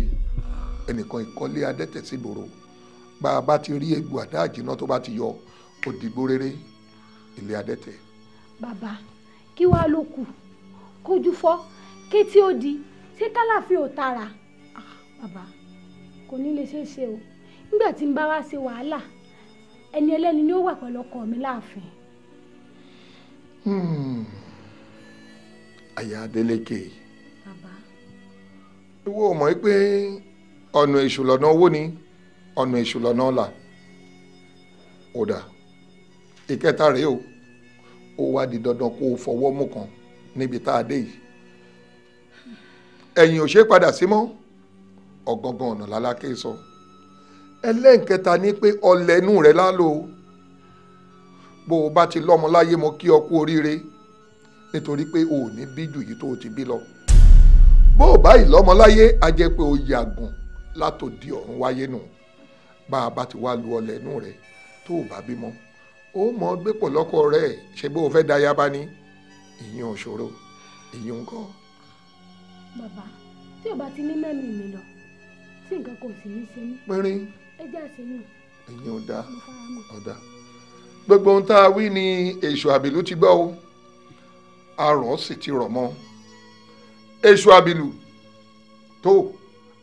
ẹnìkan ìkọ́lé adẹ́tẹ̀ síbòrò bá a bá ti rí egbò àdá jiná tó bá ti yọ òdìgbò rere ilé adẹ́tẹ̀. bàbá kí wàá ló kù kójú fọ́ kétí ó di ṣé kálàfin ò tara ah, bàbá kò ní lè ṣeé ṣe o nígbà tí n bá wá ṣe wàhálà ẹni ẹlẹ́ni ni ó wà pẹ̀lú ọkọ mi láàfin. àyà hmm. Adélékè ìwọ mọ̀ pé ọ̀nà èṣù lọ́nà owó ni ọ̀nà èṣù lọ́nà ọ̀la ọ̀dà ìkẹta rèé o ó wá di dandan kó o fọwọ́ mú kan níbi tá a dé yìí ẹ̀yìn ò ṣe é padà sí mọ́ ọ̀gọ̀ngàn ọ̀nà lálákè sọ ẹlẹ́nkẹta ni pé ọlẹ̀ inú rẹ̀ lálò bó o bá ti lọ́mọ láyé mo kí ọ kú oríire nítorí pé o ò ní bí jù yìí tó o ti bí lọ bó o bá ìlọ́mọ láyé a jẹ́ pé o yàgùn látòdì ọ̀run wáyé nù bá a bá ti wá lu ọlẹ̀ inú rẹ̀ tó o bá bímọ ó mọ gbé pọ̀ lọ́kọ rẹ̀ ṣe bó o fẹ́ dayaba ni ìyẹn ò ṣòro ìyẹn ń kọ́ bàbá tí ò bá ti ní mẹ́mí mi lọ tí nǹkan kò sì ní ṣe mí. pínrín ẹ jẹ́ àṣeyàn. ẹ̀yin ò dáa ò dáa gbogbo ohun tá a wí ni èṣù àbìlú ti gbọ́ o arọ̀ sì ti rọ̀ mọ́ èṣù àbìlú tó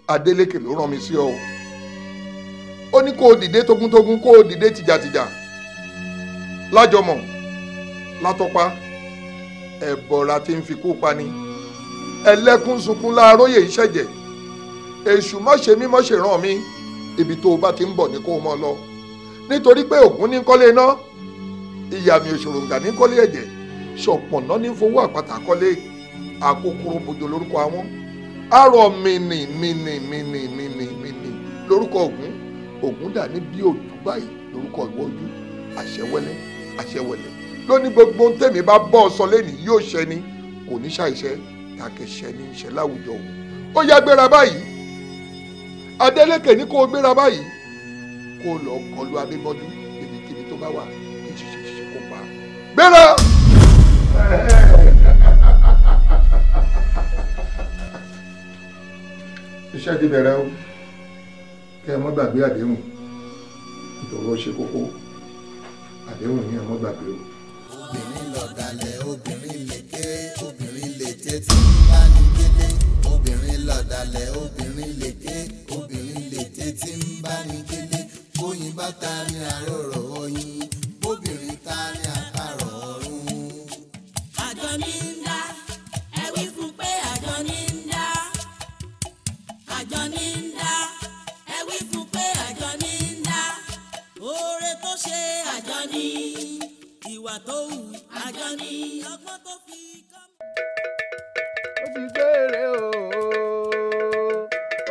Adélékè ló rán mi sí ọ ó ní kó o dìde togun-togun kó o dìde tìjàtìjà lájọmọ̀ látọpa ẹ̀bọ̀ra tí ń fi kú pa ni. Mm -hmm ẹlẹ́kún sunkún láàróyè ìṣẹ̀jẹ̀ èṣù mọ́ṣe mí mọ́ṣe ràn mí ibi tó o bá ti ń bọ̀ ní kó o mọ́ lọ nítorí pé ògún ní kọ́lé iná ìyàmì òṣòròǹgà ní kọ́lé ẹ̀jẹ̀ ṣọ̀pọ̀nà ní fowó àpáta kọ́lé àkókòrò bòjò lórúkọ àwọn àrò mìnì mìnì mìnì mìnì mìnì lórúkọ ògún ògún dà ní bí òdù báyìí lórúkọ ìwọ́jú àṣẹwẹlẹ àṣẹwẹlẹ lónìí gbogbo ohun tèmi bá bọ́ ọ sọ lẹ́nìí yóò ṣẹ ni kò ní ṣàìṣẹ́ ìtàkẹ̀ṣẹ ní í ṣe láwùjọ òun ó yá gbéra báyìí Adélékè ní kó o gbéra báyìí kó o lọ kọlu Adébọ́dún níbikíbi tó bá wà kí ṣiṣẹ́ kó pa gbéra. iṣẹ́ ti bẹ̀rẹ̀ o kẹ́ ẹ mọ́ gbàgbé àdéhùn ìdòwò ṣe kókó àdéhùn ni ẹ mọ́ gbàgbé o. obìnrin lọ̀dàlẹ̀ obìnrin ṣe tí bá ní gédé obìnrin lọ̀dàlẹ̀ obìnrin lèké obìnrin lèté tí ń bá ní gédé bóyin bá ta ní àròrò oyin bóbìnrin ta ní àkàrò ọ̀run. àjọ ní ń dá ẹ wí fún pé àjọ ní ń dá àjọ ní ń dá ẹ wí fún pé àjọ ní ń dá oore tó ṣe àjọ ní ìwà tó hù àjọ ní ọgbọ́n tó fi gbèrè o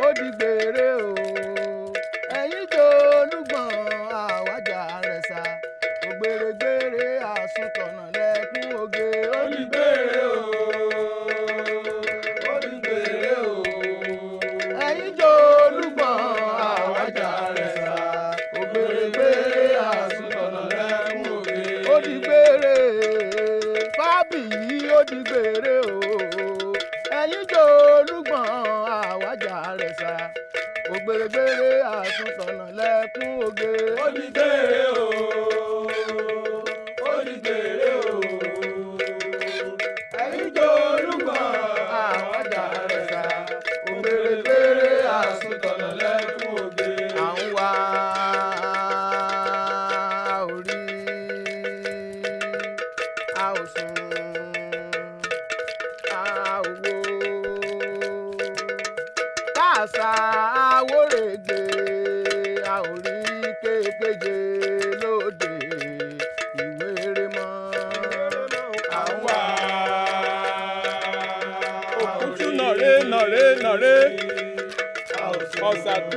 ó di gbèrè o ẹ̀yin tó olúgbọ̀n àwájà rẹ̀ sá ògbèrègbèrè àsùnkànnà lẹ́kún oge ó di gbèrè o. ó di gbèrè o. ẹ̀yin tó olúgbọ̀n àwájà rẹ̀ sá ògbèrègbèrè àsùnkànnà lẹ́kún oge ó di gbèrè fábì yìí ó di gbèrè. gbèrègbèrè àtúntọ̀nà lẹ́kún oge. ó di gbèrè o.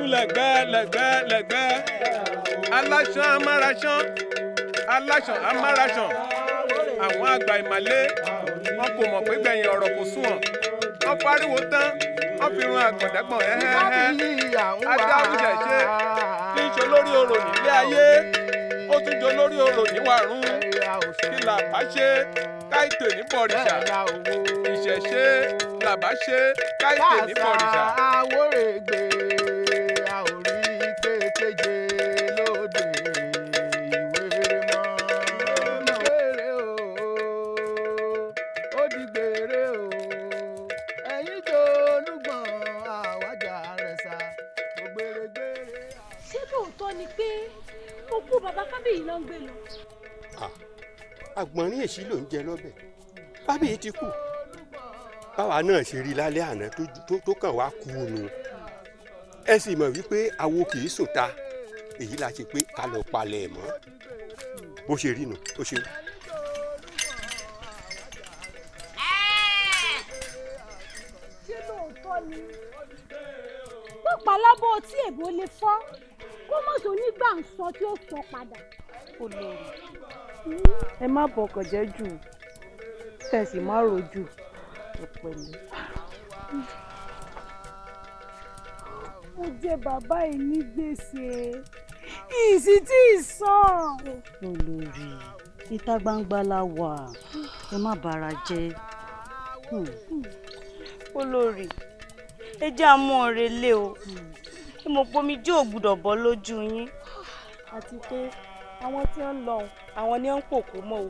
Like jù lẹ́gbẹ́ lẹ́gbẹ́ lẹ́gbẹ́ aláṣan amáraṣan aláṣan amáraṣan àwọn àgbà ìmàlé wọn kò mọ̀ pé gbẹ̀yìn ọ̀rọ̀ kò sunwọ̀n wọn pariwo tán wọn fi run àgbọ̀dẹ́gbọ̀n hẹ́hẹ́hẹ́ ajá àwùjẹ ṣe kí n ṣe lórí orò nílé ayé ó tún jọ lórí orò níwàrún kí làbá ṣe káìtè ní bọ̀rìṣà ìṣẹ̀ṣe làbá ṣe káìtè ní bọ̀rìṣà. kábíyèsí ló ń jẹ lọ́bẹ̀ kábíyèsí ti kú báwa náà ṣe rí lálẹ́ àná tó kàn wá kú nu ẹ sì mọ̀ wípé awo kì í sòta èyí la ṣe pé ká lọ palẹ̀ mọ́ bó ṣe rí nu ó ṣe rí. pàpà lábọ́ tí èbó lè fọ́ kó mọ̀tò nígbà ń sọ tí ó sọ padà. olórí ẹ má bọkàn jẹ́ jù tẹ̀sí má rojú pẹ̀lú. mo jẹ bàbá yìí ní gbèsè ìsì tí ì sàn. olórí ìta gbangba la wà ẹ má bàrà jẹ. Hmm. olórí ẹ jẹ́ àmọ́ lé o ẹ mọ̀ jẹ́ ògbúdọ̀ bọ́ lójú yín àti pé àwọn tí ń lọ àwọn ni ó ń pòkó mọ o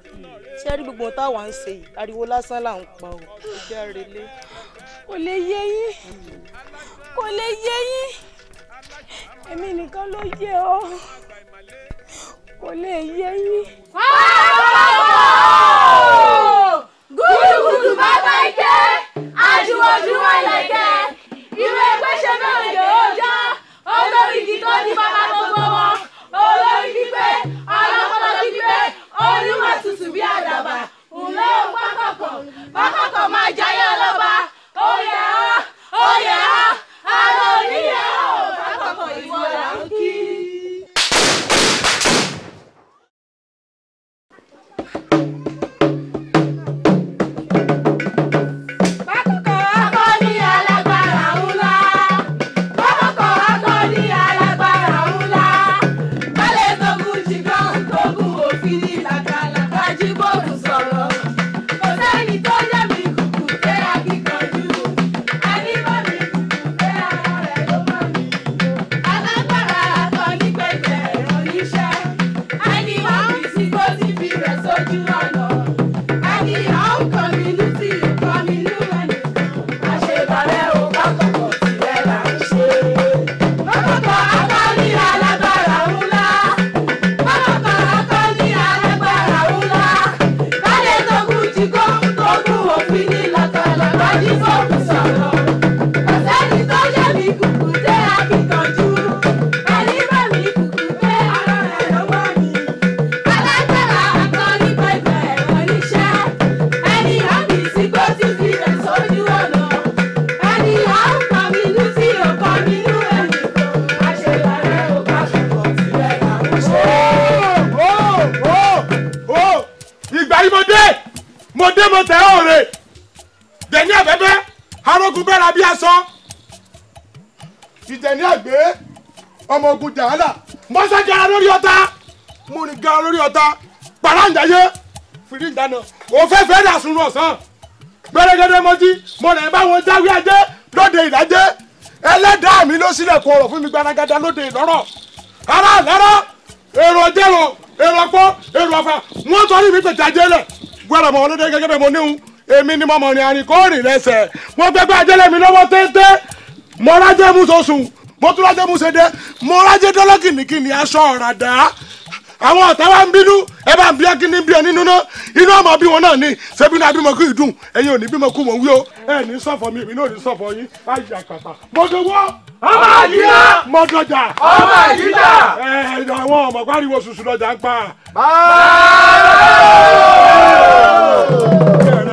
ṣé rí gbogbo táwa ń ṣe yìí ariwo lásán là ń pa o ó jẹ́ kò lè yé yín kò lè yé yín èmi nìkan ló yé o kò lè yé yín. dáná o fẹ́ fẹ́ dà sunu ọ̀sán gbẹrẹgẹdẹ mọtí mọ̀nà ẹ̀ bá wọn jáwé ajé lóde ìdájẹ́ ẹlẹ́dàá mi ló sílẹ̀kùn ọ̀rọ̀ fún mi gbaragada lóde ìlọ́rọ̀ ara lọ́rọ̀ èrò jẹ́rọ èrò ọ̀pọ̀ èrò ọ̀fà wọ́n tọ́lú mi tètè ajé lẹ̀ gbọ́dọ̀ mọ̀ ọlọ́dẹ gẹ́gẹ́ bẹ́ẹ̀ níhun èmi ni mo mọ̀ ní àrìn kó rìn lẹ́sẹ̀ mo gbẹgbẹ́ mi lọ́wọ́ tẹ́tẹ́ mo rájẹ́ mú sọ̀sùn mo tún rájẹ́ mú sẹ́dẹ́ mo rájẹ́ dọ́lọ́kìnìkìnì aṣọ ọ̀ràdá àwọn ọ̀tá wa ń bínú ẹ bá ń bí akíní bí ẹ nínú náà inú ọmọ bí wọn náà ni ṣẹbi náà bímọ kú ìdùn ẹ̀yin ò ní bímọ kú mọ wí o ẹ ní sọfọ mi èmi náà ní sọfọ yín ayé àkàtà mọdọwọ ọmọ àyíká mọdọjà ọmọ àyíká ẹ àwọn ọmọ pariwo ṣùṣù lọjà ń pa. báyọ̀.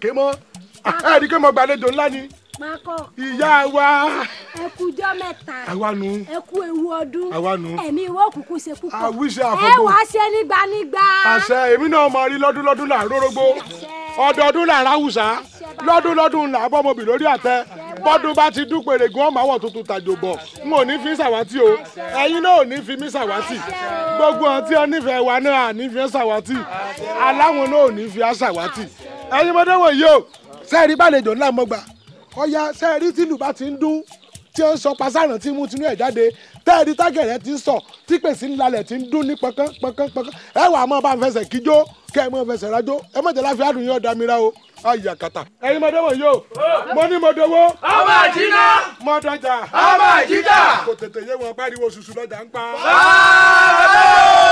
ké mọ́ ẹ rí i pé mo gbàlejò ńlá ni ìyá wa. ẹ kú jọ́ mẹ́ta. àwa nù. ẹ kú ewu ọdún. àwa nù. ẹ̀mí ìwọ òkùnkùn ṣe púpọ̀. àwíṣe àfọ̀gbò. ẹ wàá ṣe nígbànígbà. àṣẹ èmi náà máa rí lọ́dún lọ́dún là ń rórógbó. ọdọọdún là ń ráwùsà. lọ́dún lọ́dún là ń bọ́mọbì lórí àtẹ. bọ́dún bá ti dún pèrè gan ọmọ àwọ̀ tuntun tàjò bọ̀. n ò ní fi ṣàwátì o. ẹ̀yin náà ò ní fi mí ṣàwátì. gbogbo ọtí ọ nífẹ̀ẹ́ wa náà à ẹ̀yin mọdé wọ̀nyí o sẹẹrí bàlejò ńlá mọgbà ọyá sẹẹrí tìlù bá ti ń dún tí ó ń sọ pasáàrùn tí mú tinú ẹ̀ jáde tẹ́ẹ̀rí tágẹ̀rẹ́ ti ń sọ tí pèsè ńlalẹ̀ ti ń dún ní pọ̀kán pọ̀kán pọ̀kán ẹ wà á mọ̀ bá ń fẹsẹ̀ kíjó kẹ́ ẹ mọ̀ fẹsẹ̀ rájó ẹ mọ̀ jẹ́lá fi àdùn yóò dá mi rá o ayé akata. ẹ̀yin mọdé wọ̀nyí o mo ní mo dowó. ọmọ àjínà. mo dọjà. ọmọ àjíjà. kò tètè yé wọn pariwo ṣùṣù lọjà ń pa. ọmọ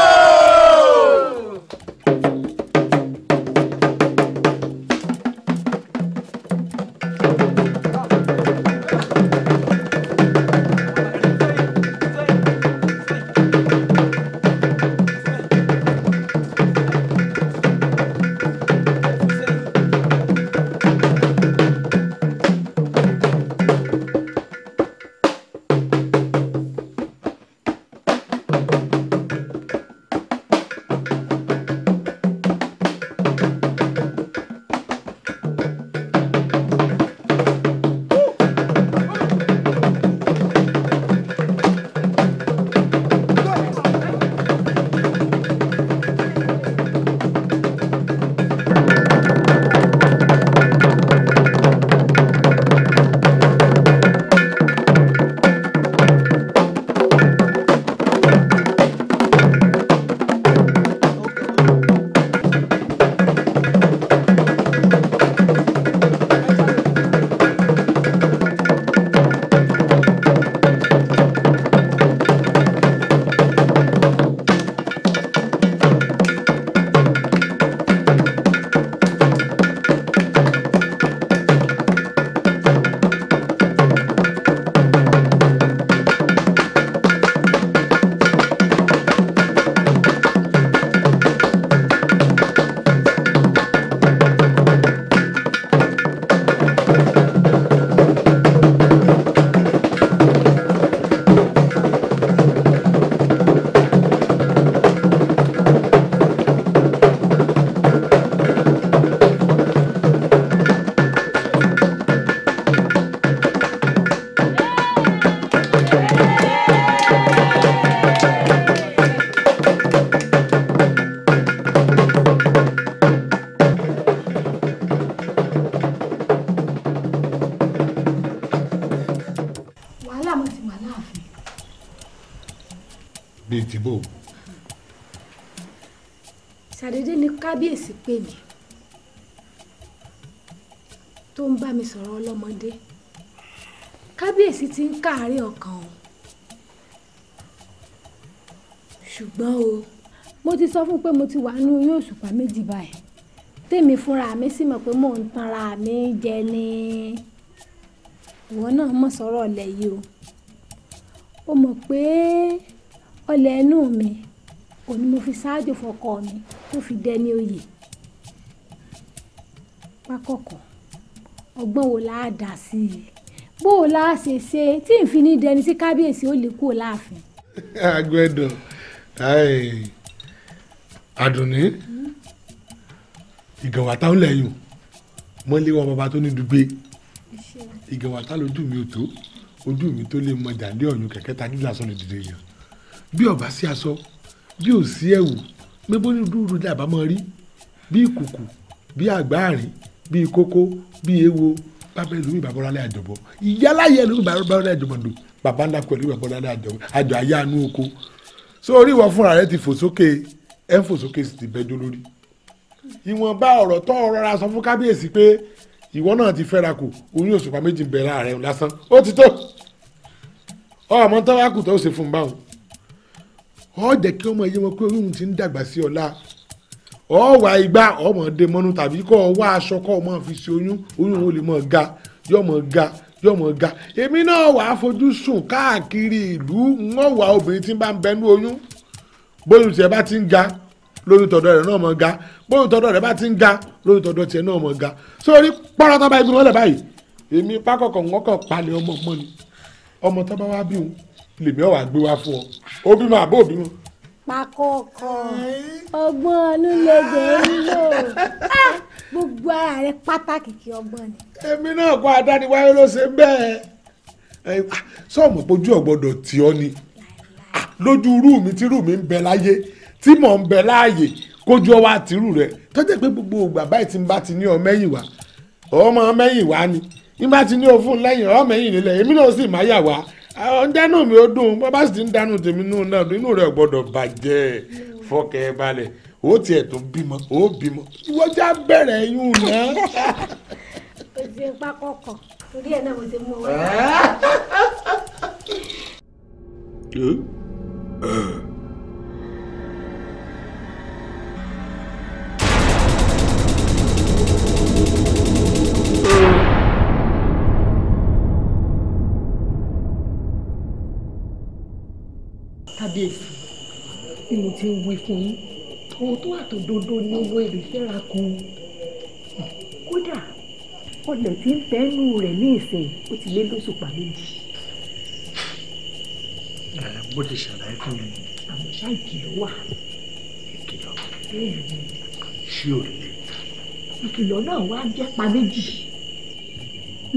láàárín ọkàn o ṣùgbọ́n o mo ti sọ fún un pé mo ti wà nínú oyún òṣùpá méjì báyìí tèmi fúnra mi sì mọ̀ pé mò ń tanra mi jẹ ni ìwọ náà mọ̀ sọ̀rọ̀ ọ̀lẹ̀ yìí o ó mọ̀ pé ọ̀lẹ̀ inú mi òní mo fi ṣáájú fọkọ mi tó fi dẹni oyè pákọ̀kọ̀ ọgbọ́n wo la á sí i bó o la ṣe ṣe tí n fi ní dẹni sí kábíyèsí ó lè kú o láàfin. agbẹ́dọ̀ àdùnní hmm? ìgànwà táwọn lẹ́yìn mọ́lẹ́ wọn bàbá tó ní dùgbé ìgànwà tá lójú mi ò tó ojú mi tó lè mọ jàǹdé ọ̀yún kẹ̀kẹ́ ta nílà sọ lè dìde yàn bí ọba sí aṣọ bí ò sí ẹ̀wù gbẹ́bọ́ ní dúró dàbá mọ́ rí bí ìkùkù bí àgbáàrín bí kókó bí ewo bàbá ẹlòmí bàbá ọlọlẹ àjọbọ ìyálàyé ẹlòmí bàbá ọlọlẹ àjọbọ dùn bàbá ńlá pẹ̀lú bàbá ọlọlẹ àjọbọ àjọ ayé àánú oko so orí ìwọ fúnra rẹ ti fò sókè ẹ ń fò sókè sì ti bẹjọ lórí ìwọ̀nba ọ̀rọ̀ tó ọ̀rọ̀ ra sọ fún kábíyèsí pé ìwọ náà ti fẹ́ra kù oyún òṣùpá méjì ń bẹ láàrẹ lásán ó ti tó ọmọ táwa kù tó ṣe fún báwọn ọ jẹ́ kí ọmọ yé wọn pé oyún ti ń dàgbà sí ọlá ọ wà igbá ọmọdé mọ́nú tàbí kọ́ wá aṣọ kọ́ ọmọ fi ṣe oyún oyún ò lè mọ̀ ga yọmọ ga yọmọ ga èmi náà wà á fojú sùn káàkiri ìlú wọn wà obìnrin tí ń bá ń bẹnu oyún bóyún tiẹ̀ bá ti ń ga lórí tọ̀dọ̀ rẹ̀ náà mọ̀ ga bóyún tọ̀dọ̀ rẹ̀ bá ti ń ga lórí tọ̀dọ̀ tiẹ̀ náà mọ̀ ga sórí pọ́nrọ́ tó bá ibi wọn lẹ̀ báyìí èmi pákọ̀kọ̀ wọn kàn palẹ̀ ọmọ mọ́ni ọmọ tó bá wá bí wọn lèmi ọ̀ wá gbé wá fún ọ ó bímọ àbó òbí wọn pakọkọ ọgbọ́n olúlẹ̀dẹ̀ ń lò ah, gbogbo ara rẹ pàtàkì kí ọgbọ́n ni. èmi náà kọ́ adániwáyé ló ṣe bẹ́ẹ̀ sọ́ọ̀mù ah, pojú ọ̀gbọ́dọ̀ tí ọ ni ah, lójú irú mi tí irú mi ń bẹ láyé tí mò ń bẹ láàyè kójú ọwọ́ àtirú rẹ tó pé gbogbo ògbà báyìí tí n bá ti ní ọ mẹ́yìn wá ọmọ mẹ́yìn wá ni n bá ti ní o fún lẹ́yìn ọ mẹ́yìn èmi náà sì máa yà wá àwọn dánú mi ó dùn bàbá sì ti ń dánú tèmi nù náà inú rẹ gbọ́dọ̀ bàjẹ́ fọkẹ balẹ̀ ó tiẹ̀ tó bímọ ó bímọ wọjá bẹ̀rẹ̀ yún náà. o ti ń pákó ẹ náà mo ti mú owó. kábíyèsí bí mo ti ń wí fún yín ohun tó àtòdodo ni owó èrè fẹ́ra kan kódà ọlẹ̀ tí ń tẹ́nu rẹ̀ ní ìsìn ó ti lé lóṣù pàlejì. bó ti ṣàlàyé fún mi. àmọ́ ṣáà ìkìlọ̀ wà. ìkìlọ̀ ṣé ò lè. ìkìlọ̀ náà wá jẹ́ pa méjì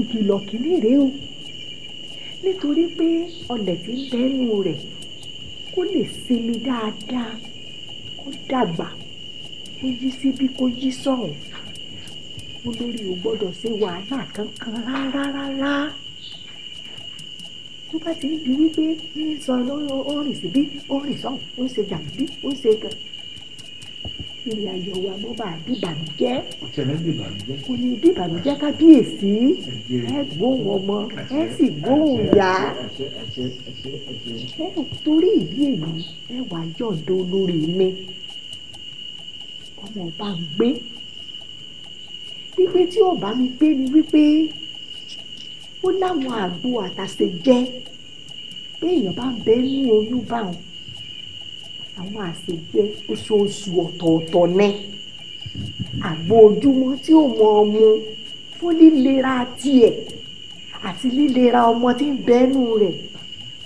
ìkìlọ̀ kìíní rèé o nítorí pé ọlẹ̀ tí ń tẹ́nu rẹ̀ kó lè sinmi dáadáa kó dàgbà kó yí síbí kó yí sọ̀rọ̀ olórí ò gbọ́dọ̀ ṣe wàhálà kankan rárá rárá tó bá ti ń di wípé ń sọ lọ́rọ̀ ó rìn síbí ó rìn sọ́hùn ó ń ṣe jàǹdí ó ń ṣe gan-an ìrìn àjò wa mọ́ bá bíbànújẹ́. ọ̀sẹ̀lẹ̀ bíbànújẹ́. kò ní bíbànújẹ́ kábíyèsí ẹ gbóhùn ọmọ ẹ sì gbóhùn ìyá. torí ìdí èyí ẹ wà yọ̀ǹdọ̀ olórí mi ọmọ ọba ń gbé wípé tí ọba mi gbé ni wípé ó láwọn àgbo àtàsè jẹ pé èèyàn bá ń bẹ nínú oyún báwọn àwọn àṣejẹ oṣooṣù ọ̀tọ̀ọ̀tọ̀ ní àgbo ojúmọ́ tí ó mọ ọmú fún lílera tiẹ̀ àti lílera ọmọ tí ń bẹ́nu rẹ̀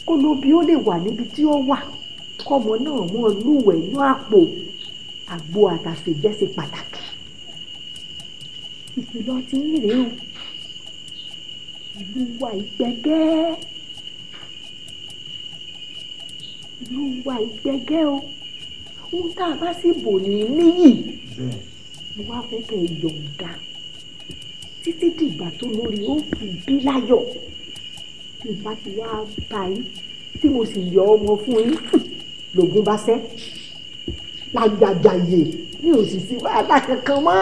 kó lóbi ó lè wà níbi tí ó wà kọ́mọ náà mọ̀ lúwẹ̀ inú àpò àgbo àtàṣejẹ ṣe pàtàkì ìkìlọ̀ tí ń rèé o ìlú wa ìgbẹ́gẹ́ ìlú wa ìgbẹ́gẹ́ o ohun tá a bá sì bò ní níyì mo wá fẹ́ kẹ́ ẹ yọ̀ǹda títí dìgbà tó lórí ó fi bí láyọ̀ tí n bá ti wá bá yín tí mo sì yọ ọmọ fún yín lògùn bá sẹ́ lájàjàyè mi ò sì sí wàhálà kankan mọ́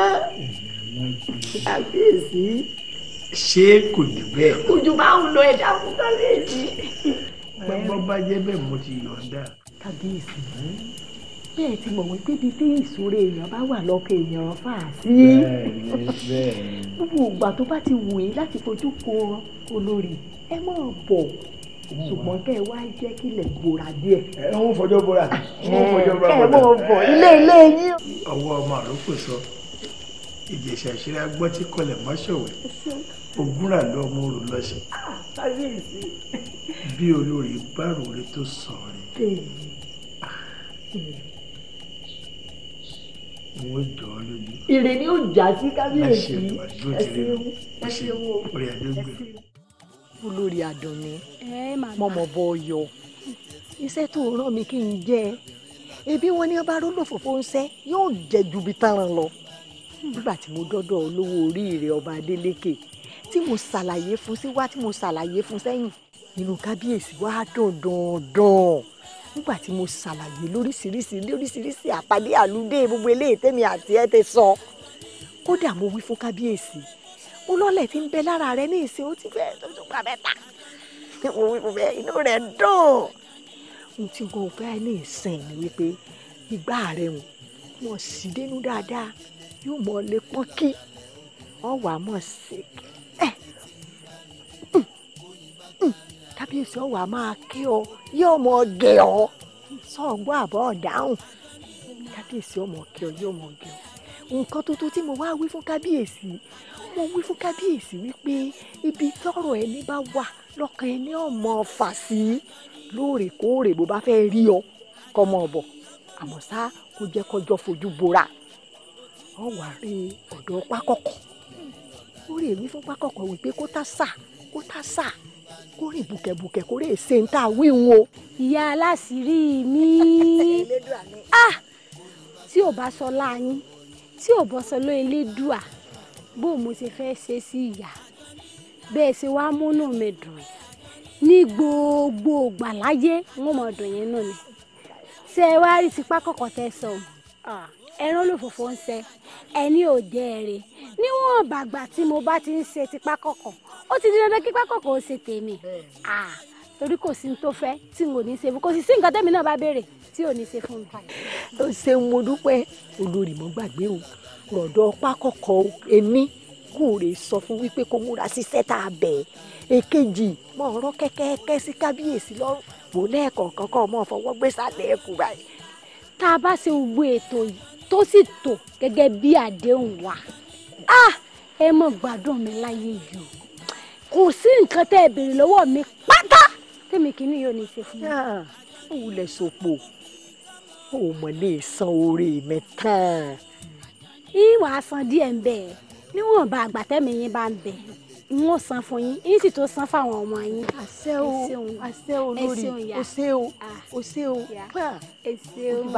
kábíyèsí. ṣé kò jù bẹ́ẹ̀. kò jù máa ń lo ẹ̀dá fún kábíyèsí pé bọ́ bá jẹ́ bẹ́ẹ̀ mo ti yọ̀ǹda. kábíyèsí bẹ́ẹ̀ ti mọ̀ wípé bíi tí ìṣòro èèyàn bá wà lọ́kàn èèyàn fà á sí. gbogbo ìgbà tó bá ti wù yín láti fojú ko olórí ẹ mọ̀ bọ̀ ṣùgbọ́n kẹ́ ẹ wá jẹ́ kí ilẹ̀ bora díẹ̀. ẹ ń fọjọ́ bora ń fọjọ́ bora bọ́dà. ẹ mọ̀ bọ̀ ilé ilé yín. ọwọ́ ọmọ àlòkù sọ ìjẹ̀ṣà ìṣẹ́ra gbọ́ tí kọlẹ̀ mọ́ṣọ̀wé ogúnra lọ́mú rò lọ́sẹ̀ bí olórí bárò rẹ tó sàn rẹ wọn jọ ọ lójú. ire ni ó já sí kábíyèsí ẹsìn ẹsìn wo ẹsìn. olórí àdùnní mo mọ̀ bọ́ yọ iṣẹ́ tó rán mi kí n jẹ́ ẹbí wọn ní ọba rólòfòfó ń sẹ́ yóò jẹ́ ju bí tán lọ nígbà tí mo dọ́dọ̀ olówó orí ọba Adélékè tí mo ṣàlàyé fún sí wá tí mo ṣàlàyé fún sẹ́yìn inú kábíyèsí wá dùn dandan nígbà tí mo ṣàlàyé lóríṣiríṣi lóríṣiríṣi àpàdé àlùdé gbogbo eléyìí tẹ́mi àti ẹ ti sọ kódà mo wí fún kábíyèsí mo lọ́lẹ̀ tí ń bẹ lára rẹ ní ìsìn ó ti fẹ́ tó tó gbà mẹ́ta mo wí fún bẹ́ẹ̀ inú rẹ̀ dùn mo ti gbọ́ ọ̀fẹ́ ní ìsìn ni wípé ìgbà rẹ wọn mọ̀ sí dénú dáadáa yóò mọ̀ lé pọ́nkí ọ̀wà mọ̀ sí ẹ̀ kábíyèsí ọ̀wà máa kí ọ yóò mọ gẹ̀ ọ́ sọ̀gbọ́ àbọ̀ ọ̀dáhùn kábíyèsí ọmọ kí ọ yóò mọ gẹ̀ ọ́ nǹkan tuntun tí mo wá wí fún kábíyèsí mo wí fún kábíyèsí wípé ibi tọrọ ẹni bá wà lọ́kàn ẹni ọmọ fà sí lóòrèkóòrè bó bá fẹ́ rí ọ kọmọ ọ̀bọ̀ àmọ́ ṣá kó jẹ́ kọjọ́ fojú bora ọ wà rí ọ̀dọ̀ pákọ̀kọ̀ ó rè fún pákọ̀kọ̀ wípé kó tá sà kó tá sà kó rè bùkẹ̀bùkẹ̀ kó rè ṣe ń tà wíwọ̀n o. ìyá aláṣìírí mi ah! tí ò bá sọ láàyín tí ò bọ́ sọ ló elédùà bó mo ṣe fẹ́ ṣe sí ìyá bẹ́ẹ̀ ṣe wá múnú mi dùn ní gbogbo ìgbà láyé wọ́n mọ̀ dùn yín nù ni ṣé wá rí tipá kọ̀kọ̀ tẹ sọ ah! ẹran olófòfò ń ṣe ẹni ò jẹ ẹrẹ níwọ̀n bàgbà tí mo bá ti ń ṣe tipá kọ̀kọ̀ ó ti di dandan kípá kọ̀kọ̀ ó ṣe tèmi torí kò sí tó fẹ́ tí n ò ní ṣe fún kò sì sí nǹkan tẹ́mi náà bá béèrè tí ò ní ṣe fún mi. ó ṣeun mo dúpẹ́ olórí mo gbàgbé o rọ̀dọ̀ pákọ̀kọ̀ èmi kò rè sọ fún wípé kó múra síṣẹ́ tá a bẹ̀ ẹ́ èkejì mọ ọ̀rọ̀ kẹ́kẹ́kẹ́ sí kábíyèsí lọ́rùn wò lẹ́ẹ̀kọ̀ọ̀kan kọ́ ọmọ fọwọ́ gbé sálẹ̀ ẹ̀kú báyìí tá a bá ṣe gbogbo ètò yìí tó sì tò gẹ́gẹ́ bí àdéhùn wa ah, ẹ mọ̀ gbádùn mi láyé yìí o kò sí nǹkan tẹ́ ẹ béèrè lọ́wọ́ mi pátá tèmi kìíní yóò ní í ṣe fún mi. òun lè sopọ̀ òun mọ̀ lè san oore mi tán. ìwà san díẹ̀ ń bẹ níwọ̀nba àgbàtẹ́mi yín bá ń bẹ n ó san fún yín yín sì tó san fáwọn ọmọ yín. àṣẹ o àṣẹ o lórí o ṣe o o ṣe o bá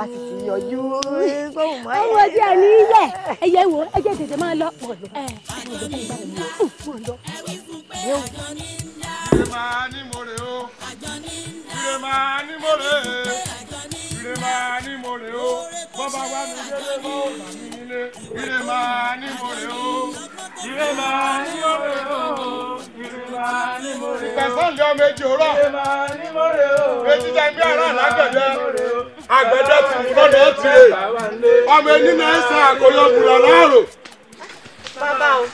ti ti yọjú ọmọ tí a ní ilẹ̀ ẹyẹ wo ẹjẹ tètè máa lọ pọ̀ lọ. ìrèmà ni mo rè o ìrèmà ni mo rè ilé máa ní mo rè o bọ́bá wá mi délé bọ́ ọ̀nà mi nílé ilé máa ní mo rè o ilé máa ní mo rè o ilé máa ní mo rè o. pẹ̀sọ́ǹdì ọmọ èjì òrọ̀ ilé máa ní mo rè o etí jẹ́ bí ara lágbẹ̀dẹ àgbẹ̀dẹ ti mú lọ́dọ̀ tirẹ̀ ọmọ ẹni náà ń sa àkóyọ bùrọ̀ láàrò. bàbá o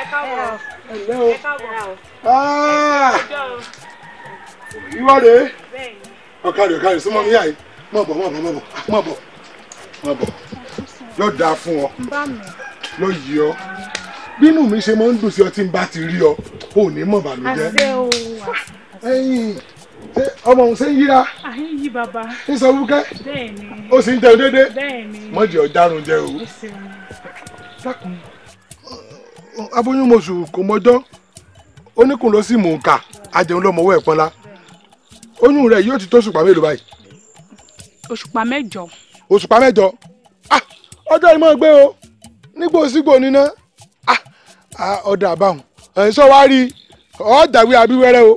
ẹ káàbọ̀ ẹ káàbọ̀ o. Ah! ìwọ́de ọ̀kadì ọ̀kadì súnmọ́ mi yá yìí mọ̀ bọ̀ mọ̀ bọ̀ mọ̀ bọ̀ mọ̀ bọ̀ mọ̀ bọ̀ yóò dáa fún ọ ló yí ọ bínú mi ṣe máa ń dùn sí ọ tí n bá ti rí ọ ò ní mọ̀ bàlújẹ́ ẹ̀yìn ọmọ òun ṣe ń yíra. àyìn yí bàbá. ń sọ wúkẹ́. bẹ́ẹ̀ni. ó sì ń jẹun déédéé. bẹ́ẹ̀ni. mọ̀jì ọ̀darun jẹ o. dákun aboyún mọ̀sù kò mọjọ́ oníkùn ló sì mú un kà ajẹun lọ́mọwọ́ ẹ̀pọ́nlá oyún rẹ̀ yóò ti tó ṣùpá mélòó báyìí òṣùpá mẹ́jọ. òṣùpá mẹ́jọ ah, ọjọ́ ìmọ̀ gbé o nígbò sígbò níná ah, ah, ọ̀dà àbáhùn ẹ̀sọ́ wa rí ọ̀dàwé abíwẹ́rẹ́ o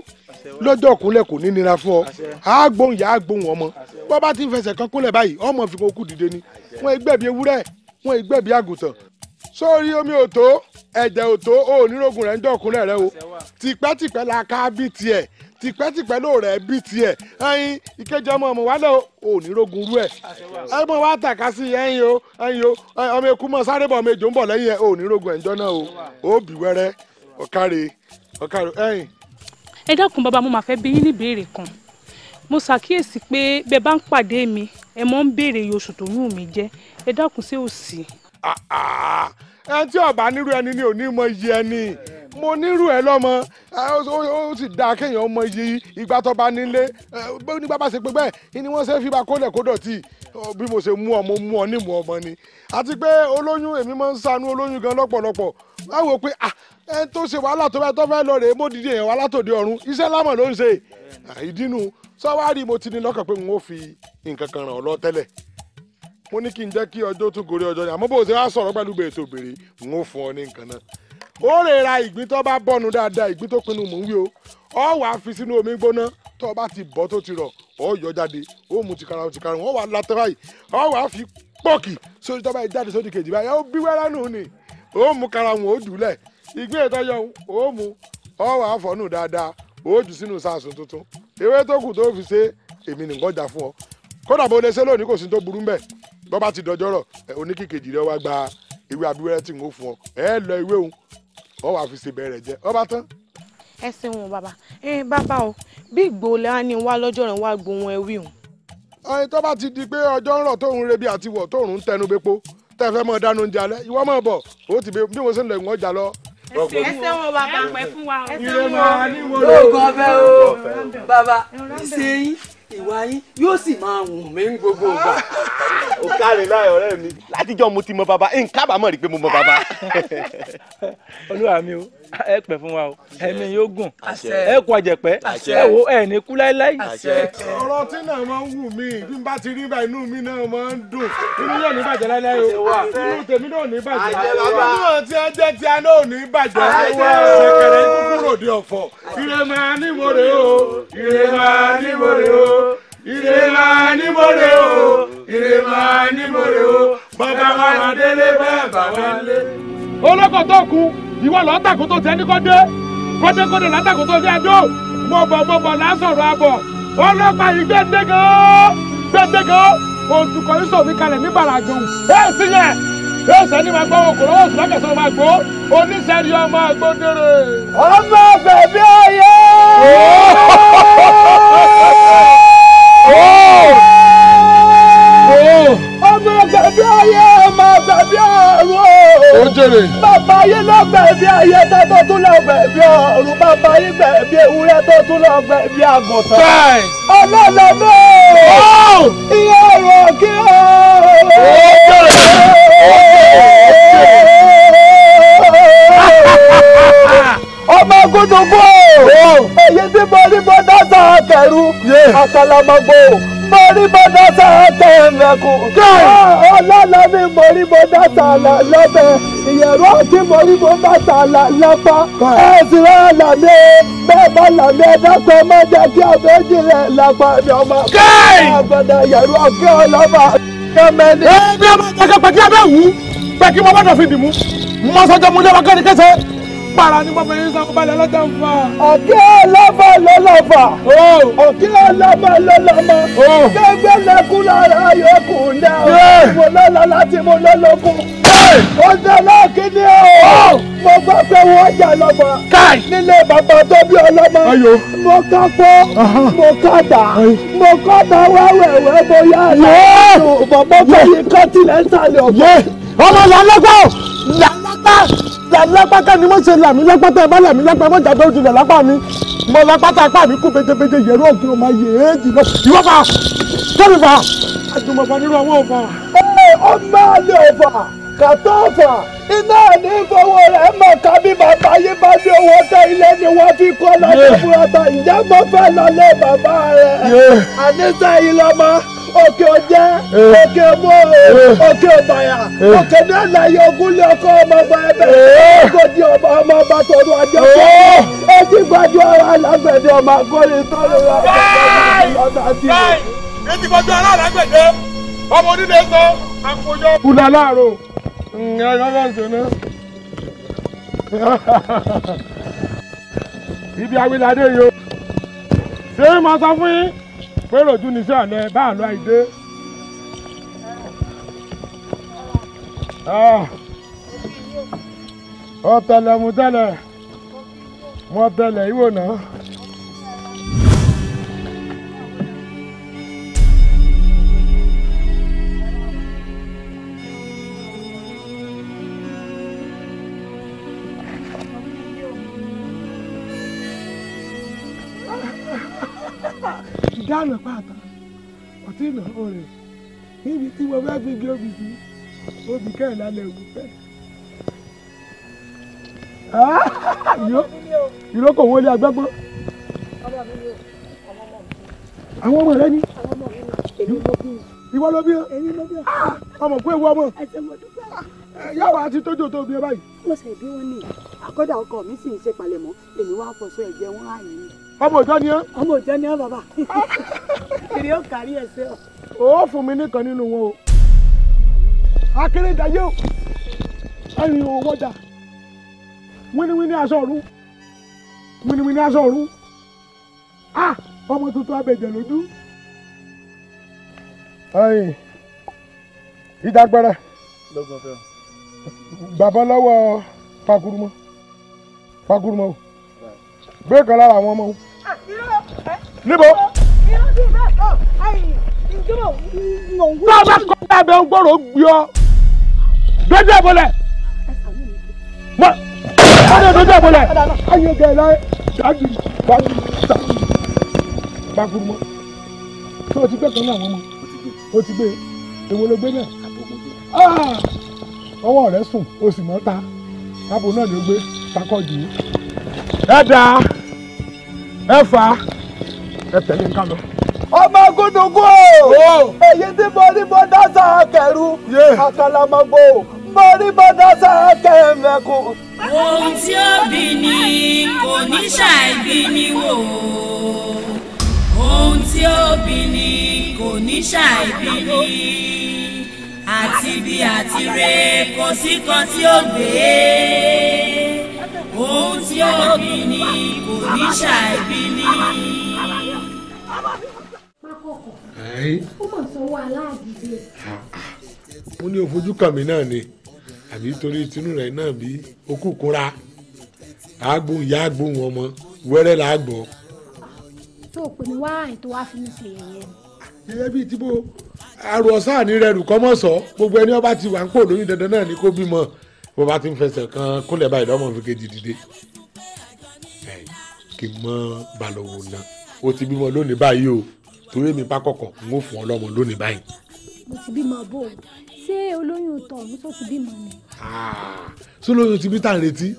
lọ́jọ́ kúnlẹ̀ kò ní nira fún ọ àágbóhùn yà àágbóhùn ọmọ bọ́ bá ti ń fẹsẹ̀ kan kúnlẹ̀ báyìí ọmọ fi kókù dìde ni wọn ìgbẹ̀bí ewúrẹ́ wọn ìgbẹ̀bí àgùntàn sórí omi òtó ẹ̀jẹ̀ òtó ònírógùn rẹ̀ ń dọ̀kúnlẹ̀ rẹ o tìpẹ́tìpẹ́ la ká bí tiẹ̀ tipẹ́tipẹ́ ló rẹ̀ bí tiẹ̀ ẹyin ìkejì ọmọ ọmọ wálé ò ní rogun rú ẹ̀ ẹ mọ wá tàka sí ẹyin o ẹyin o ọmọ eku mọ sáré bọ̀ ọmọ ejò ń bọ̀ lẹ́yìn ẹ̀ ò ní rogun ẹ̀ ń o ó bì wẹ́rẹ́ ọ̀kàrẹ̀ ọ̀kàrẹ̀ ẹyin. ẹ dákun bàbá mo máa fẹ́ bí yín ní ìbéèrè kan mo ṣàkíyèsí pé bẹ́ẹ̀ bá ń pàdé mi ẹ mọ̀ ń béèrè iye oṣù tó ń wù jẹ́ ẹ dákun sí òsì. ẹ tí ọba nírú ẹni ni ò ní mọ iye ẹni. mo nírú ẹ lọ́mọ ó sì dáa kéèyàn ọmọ yìí ìgbà tó bá nílé ní bàbá ṣe pé bẹ́ẹ̀ ni wọ́n ṣe fi bá kólẹ̀ kó dọ̀tí bí mo ṣe mú ọ mo mú ọ nímú ọmọ ni àti pé olóyún èmi máa ń ṣàánú olóyún gan lọ́pọ̀lọpọ̀ báwo pé ẹni tó ṣe wàhálà tó fẹ́ tó fẹ́ lọ rèé mo dìde èèyàn wàhálà tòde ọ̀run iṣẹ́ lámọ̀ ló ń ṣe ìdínú sọ́wárì mo ti ní lọ́kàn pé n ó fi nǹkan kan ràn ọ́ lọ tẹ́lẹ̀ mo ní kí n jẹ́ kí ọjọ́ tún gorí ọjọ́ ni àmọ́ bó ṣe wá sọ̀rọ̀ pẹ̀lú bẹ̀rẹ̀ tó bèrè n ó fún ọ ní nǹkan náà ó lè ra ìgbín tó bá bọ́nu dáadáa ìgbín tó pinnu mò ń wí o ọ wà á fi sínú omi gbóná tó bá ti bọ́ tó ti rọ̀ ọ yọ jáde ó mu tìkara tìkara wọn wà á latọ́ báyìí ọ wà á fi pọ́ọ̀kì sórí tó bá yẹ jáde sódì kejì báyìí ó bí wẹ́rẹ́ nù ni ó mu kara wọn ó dùúlẹ̀ ìgbín ètò yọ ó mu ọ wà á fọ̀nù dáadáa ó jù sínú sàásùn tuntun ewé tó kù tó fi ṣe èmi nìkan jà fún ọ kódà bó lè ṣe lónìí kò sí tó burú mbẹ bọ́ bá ti dọjọ́rọ̀ oníkìkejì rẹ wá gba ewé abíwẹ́rẹ́ tí n ó fún ọ ẹ lọ ewé òun ọ wàá fi ṣe bẹ̀rẹ̀ jẹ ọ bá tán. ẹ ṣeun bàbá ẹ bàbá o bí ìgbòho á ní wá lọ́jọ́ rẹ̀ wá gbohun ẹ wí o. ọyìn tó bá ti di pé ọjọ́ ń rọ̀ tóun rebi àti wọ̀ tóun ń tẹnu bepo tẹ́ fẹ́ mọ dáná oúnjẹ alẹ́ ìwọ mọ̀ bọ̀ ó ti bí mo ṣe ń lọ ìwọ̀n ọjà lọ. ẹ ṣeun bàbá pẹ́ fún wa. ẹ ṣeun bàbá ní o bàbá ṣe yín ìwà yín yóò sì máa wùn mí ní gbogbo ìgbà. o káre láì ọ̀rẹ́ mi látijọ́ mo ti mọ bàbá nǹkan àbámọ̀ rí pé mo mọ bàbá. olúwa mi o ẹ pẹ́ fún wa o ẹ̀mí yóò gùn ẹ kú àjẹpẹ́ ẹ kú láéláé. ọ̀rọ̀ tí náà máa ń wù mí bí n bá ti rí bá inú mi náà máa ń dùn inú yóò ní bàjẹ́ láéláé o inú tèmi náà ò ní bàjẹ́ inú tí ẹ jẹ́ tí a náà ò ní bàjẹ́ ṣẹkẹrẹ kúrò dé ọ̀fọ̀ ire máa ní o ire máa ní o ire máa ní o ire máa ní o bàbá wa délé bàbá ìwọ lọ tàkùn tó tẹni kọ́dé kọ́dékọ́dé látàkùn tó ní adó mo bọ̀ mo bọ̀ lásọ̀rọ̀ abọ̀ ọlọ́pàá yìí gbẹ̀ndégé ó gbẹ̀ndégé ó òtùkọ̀ yìí sọ̀mí kalẹ̀ ní bàràjò ẹ̀ sí yẹn yóò sẹ́ni máa gbọ́ okòrò owó oṣù lọ́kẹ̀sọ́ máa gbó oníṣẹ́rí ọmọ agbódére. ọmọ bẹ̀bí ọyẹ́. ó jèrè. bàbá yín lọ gbẹ̀bí ayẹta tó tún lọ gbẹ̀bí ọ̀run bàbá yín gbẹ̀bí ewúrẹ́ tó tún lọ gbẹ̀bí àgùntàn. ọlọ́lọ́mọ́ iye ọ̀rọ̀ kí o. ó jèrè. ọmọ gúdùgbò èyí tí mo rí mo dáta àtẹrù àkàlàmọ̀gbò mo rí mo dáta àtẹ̀mẹ̀kù ọlọ́lá mi mo rí mo dáta lọ́bẹ̀ ìyẹ̀rọ tí mo rí mo dáta lápá ẹ̀sìn rẹ̀ làmì bẹ́ẹ̀ bá làmì ẹ̀dọ́gbẹ́ má jẹ́ kí àbẹ́jì rẹ̀ làpá mi ọmọ àgbàdo ìyẹ̀rọ kí ọlọ́mọ kẹ́mẹ́ni. ẹ bí ọmọ jẹ́ kẹ́ pẹ̀kí abẹ́ wù pẹ̀kí mo bá dọ̀ fi para ni mo fẹ́ yín sanwó balẹ̀ lọ́jọ́ ń fa. ọ̀kẹ́ lọ́fà ló lọ́fà. ọ̀kẹ́ lọ́fà ló lọ́mọ. gbẹgbẹ lẹkùn lára yòókù náà. mo lọ́la láti mo lọ́lọ́kùn. ó dáná kíní o. mo gbọ́ pé wọ́n jà lọ́mọ. nílé bàbá tó bí ọlọ́mọ. mo ká pọ́ mo ká tà mo kọ́ ta wẹ́wẹ́wẹ́ mo yá àlọ́. bọ̀bọ̀ bẹ́ẹ̀ ni kọ́tìlẹ̀ ń sàlẹ̀ ọ̀gbọ́n. ọmọ làlágbá làlágbá jà lápáká ni wọ́n ṣe làmí lápáká ẹ bá làmí lápá mọ́jà tó jùlọ lápá mi mọ lápáta apá mi kú péjépéjé yẹ̀rọ òkè ọmọ ayé é jùlọ ìwọ fà tẹ́lẹ̀ fà àjùmọ̀fà nínú àwọn ọ̀fà. ọmọ àlè ọ̀fà kàtó ọ̀fà iná ní fọwọ́ rẹ̀ mọ̀ kábí bàbá yìí bá ní owó tẹ ilé ni wọ́n fi kọ́ lọ́jọ́ fún ọ̀tọ̀ ìjẹ́ mọ́fẹ́ lọ́lé bàbá rẹ̀ òkè ọjẹ eh. òkè ọmọ eh. òkè ọbàyà eh. òkè ní àlàyé ogúnlé ọkọ ọmọ ọba ẹbẹ ògòdì ọba ọmọ ọba tọdọ ajọ kọ ojú gbájú ara alágbẹ̀dẹ ọmọ akọrin tọrọ àgbẹ̀dẹ etí gbájú ara alágbẹ̀dẹ ọmọ onílé sọ àkójọ. kúdà láàárọ̀ ǹjẹ́ ọjọ́ ìṣẹ́ náà ibi awilade yìí o ṣé màá sọ fún yín fẹ́rọ̀jú ní sàlẹ̀ bá àlọ́ àìdé. ọ̀tẹ̀lẹ̀ ah. mú tẹ̀lẹ̀ mú ọ̀tẹ̀lẹ̀ ìwò náà. lọ pàtà ọtí ìnáwó rẹ̀ níbi tí mo fẹ́ gbígbé obì sí obì kẹ́hìnlá lè wù fẹ́. ìrókò ah, ni agbẹ́gbọ́? àwọn ọmọ rẹ ni ìwọ ló bí ọ ah, ọmọ kó ewu ọmọ yàwó àti tójú tó bí ẹ báyìí. mo ṣe ìbí wọn ni àkọ́dà ọkọ mi sì ń ṣe palẹ̀mọ́ èmi wá fọṣọ ẹ̀jẹ̀ wọn àyè mi ọmọ ìjọ ni ẹ. ọmọ ìjọ ni ẹ bàbá kiri ó kárí ẹsẹ̀ o. ó fún mi nìkan nínú wọn o akérédayé o ẹ̀yìn owó dà wíníwíní aṣọ òru wíníwíní aṣọ òru ah ọmọ tuntun abẹjẹ lójú. ẹ̀yìn ìdágbára bàbá lọ́wọ́ fakurumọ o gbé kan lára àwọn ọmọ. níbo. tó bá kọ́ bá bẹ ń gbé ọ dojú ẹ̀ bọ́lẹ̀ mọ dojú ẹ̀ bọ́lẹ̀ ayé gẹ̀ láyé dájú dájú dájú gbàgbọ́n mọ́ tó o ti gbé kan lára àwọn ọmọ o ti gbé èwo ló gbé náà ah! ọwọ́ rẹ̀ sùn o sì mọ́ ta abo náà ló gbé takọ́ jù ú ẹ̀dá ẹ̀fà ẹ̀tẹ̀lé nǹkan lọ. ọmọ gúdùgú o èyí tí mo rí mo dáṣà kẹrù àkàlàmọ́gbò mo rí mo dáṣà kẹmẹ́kù. ohun tí ó bí ni kò ní ṣàìbí ni wò ohun tí ó bí ni kò ní ṣàìbí ni àti bí àti re kò sí kan tí ó gbé ohun tí ó bí ni kò ní ṣàìbí ni. ó mọ̀ sanwó aláàbíyẹ. mo ní òfojú kàmí náà ni àbí torí tinú rẹ̀ náà bí okú kúra àgbo ìyá àgbo wọn mọ wẹ́rẹ́ là tó o pè mí wá ètò wa fi mí ṣe ẹ̀yẹ. gẹ́gẹ́ bíi tí mo àrò ọ̀sán àní rẹ̀ rù kọ́mọ̀sọ́ gbogbo ẹni ọba ti wà ń pò lóyún dandan náà ni kó bímọ bó bá ti ń fẹsẹ̀ kan kúnlẹ̀ báyìí lọ́mọ fi kejì dìde kí n mọ balùwò náà o ti bímọ lónìí báyìí o torí mi bá kọ̀kọ̀ n ó fún ọ lọ́mọ lónìí báyìí. mo ti bímọ bò ó ṣé olóyún tọ̀ mo tó ti bímọ ni. Ah, ṣé olóyún ti bí tá à retí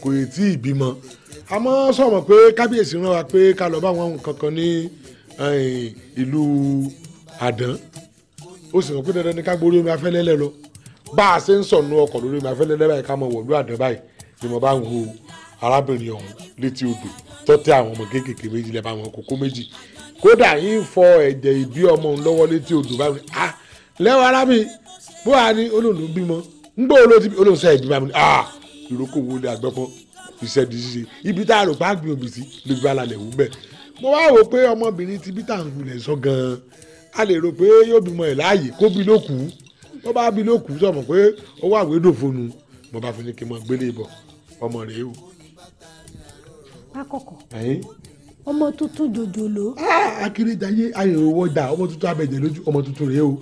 kò yẹ tí ì bímọ àmọ́ sọ̀rọ̀ pé kábíyèsí rán wa pé ká lọ bá wọn kankan ní ìlú àdán ó sì rò pé dandan ni ká gborí omi afẹ́lẹ́lẹ́ lọ bá a ṣe ń sọ̀nù ọkọ̀ lórí mi afẹ́lẹ́lẹ́ báyìí ká mọ wọ̀lú àdán báyìí ni mo bá ń wo arábìnrin ọ̀hún létí odò tọ́tẹ́ àwọn ọmọ kéékèèké méjì lẹ́ba àwọn kókó méjì kódà yìí ń fọ ẹ̀jẹ̀ ìbí ọmọ òun lọ́wọ́ létí odò báyìí ah lẹ́wọ̀ arábìnrin bó a ní olóòlù bímọ ńgbọ́ olóòsọ ìbímọ àmì ah ìrókò wo lè àgbẹ̀fọ́ iṣẹ́ di ṣíṣe ibi tá a rò pa gbin òbí sí lójú alalẹ̀ wù bẹ́ẹ̀ mo wá rò pé ọmọbìnrin a lè rò pé yóò bímọ ẹ̀ láàyè kó tó bá bi ló kù sọmọ pé ó wà wédò fóònù mo bá fi ní kí n mọ gbélé bọ ọmọ rèé o. pákọ̀kọ̀ ọmọ tuntun jòjòló. akérèdáyé ah, ayọ̀wọ̀ dà ọmọ tuntun abẹ́jẹ̀ lójú ọmọ tuntun rèé o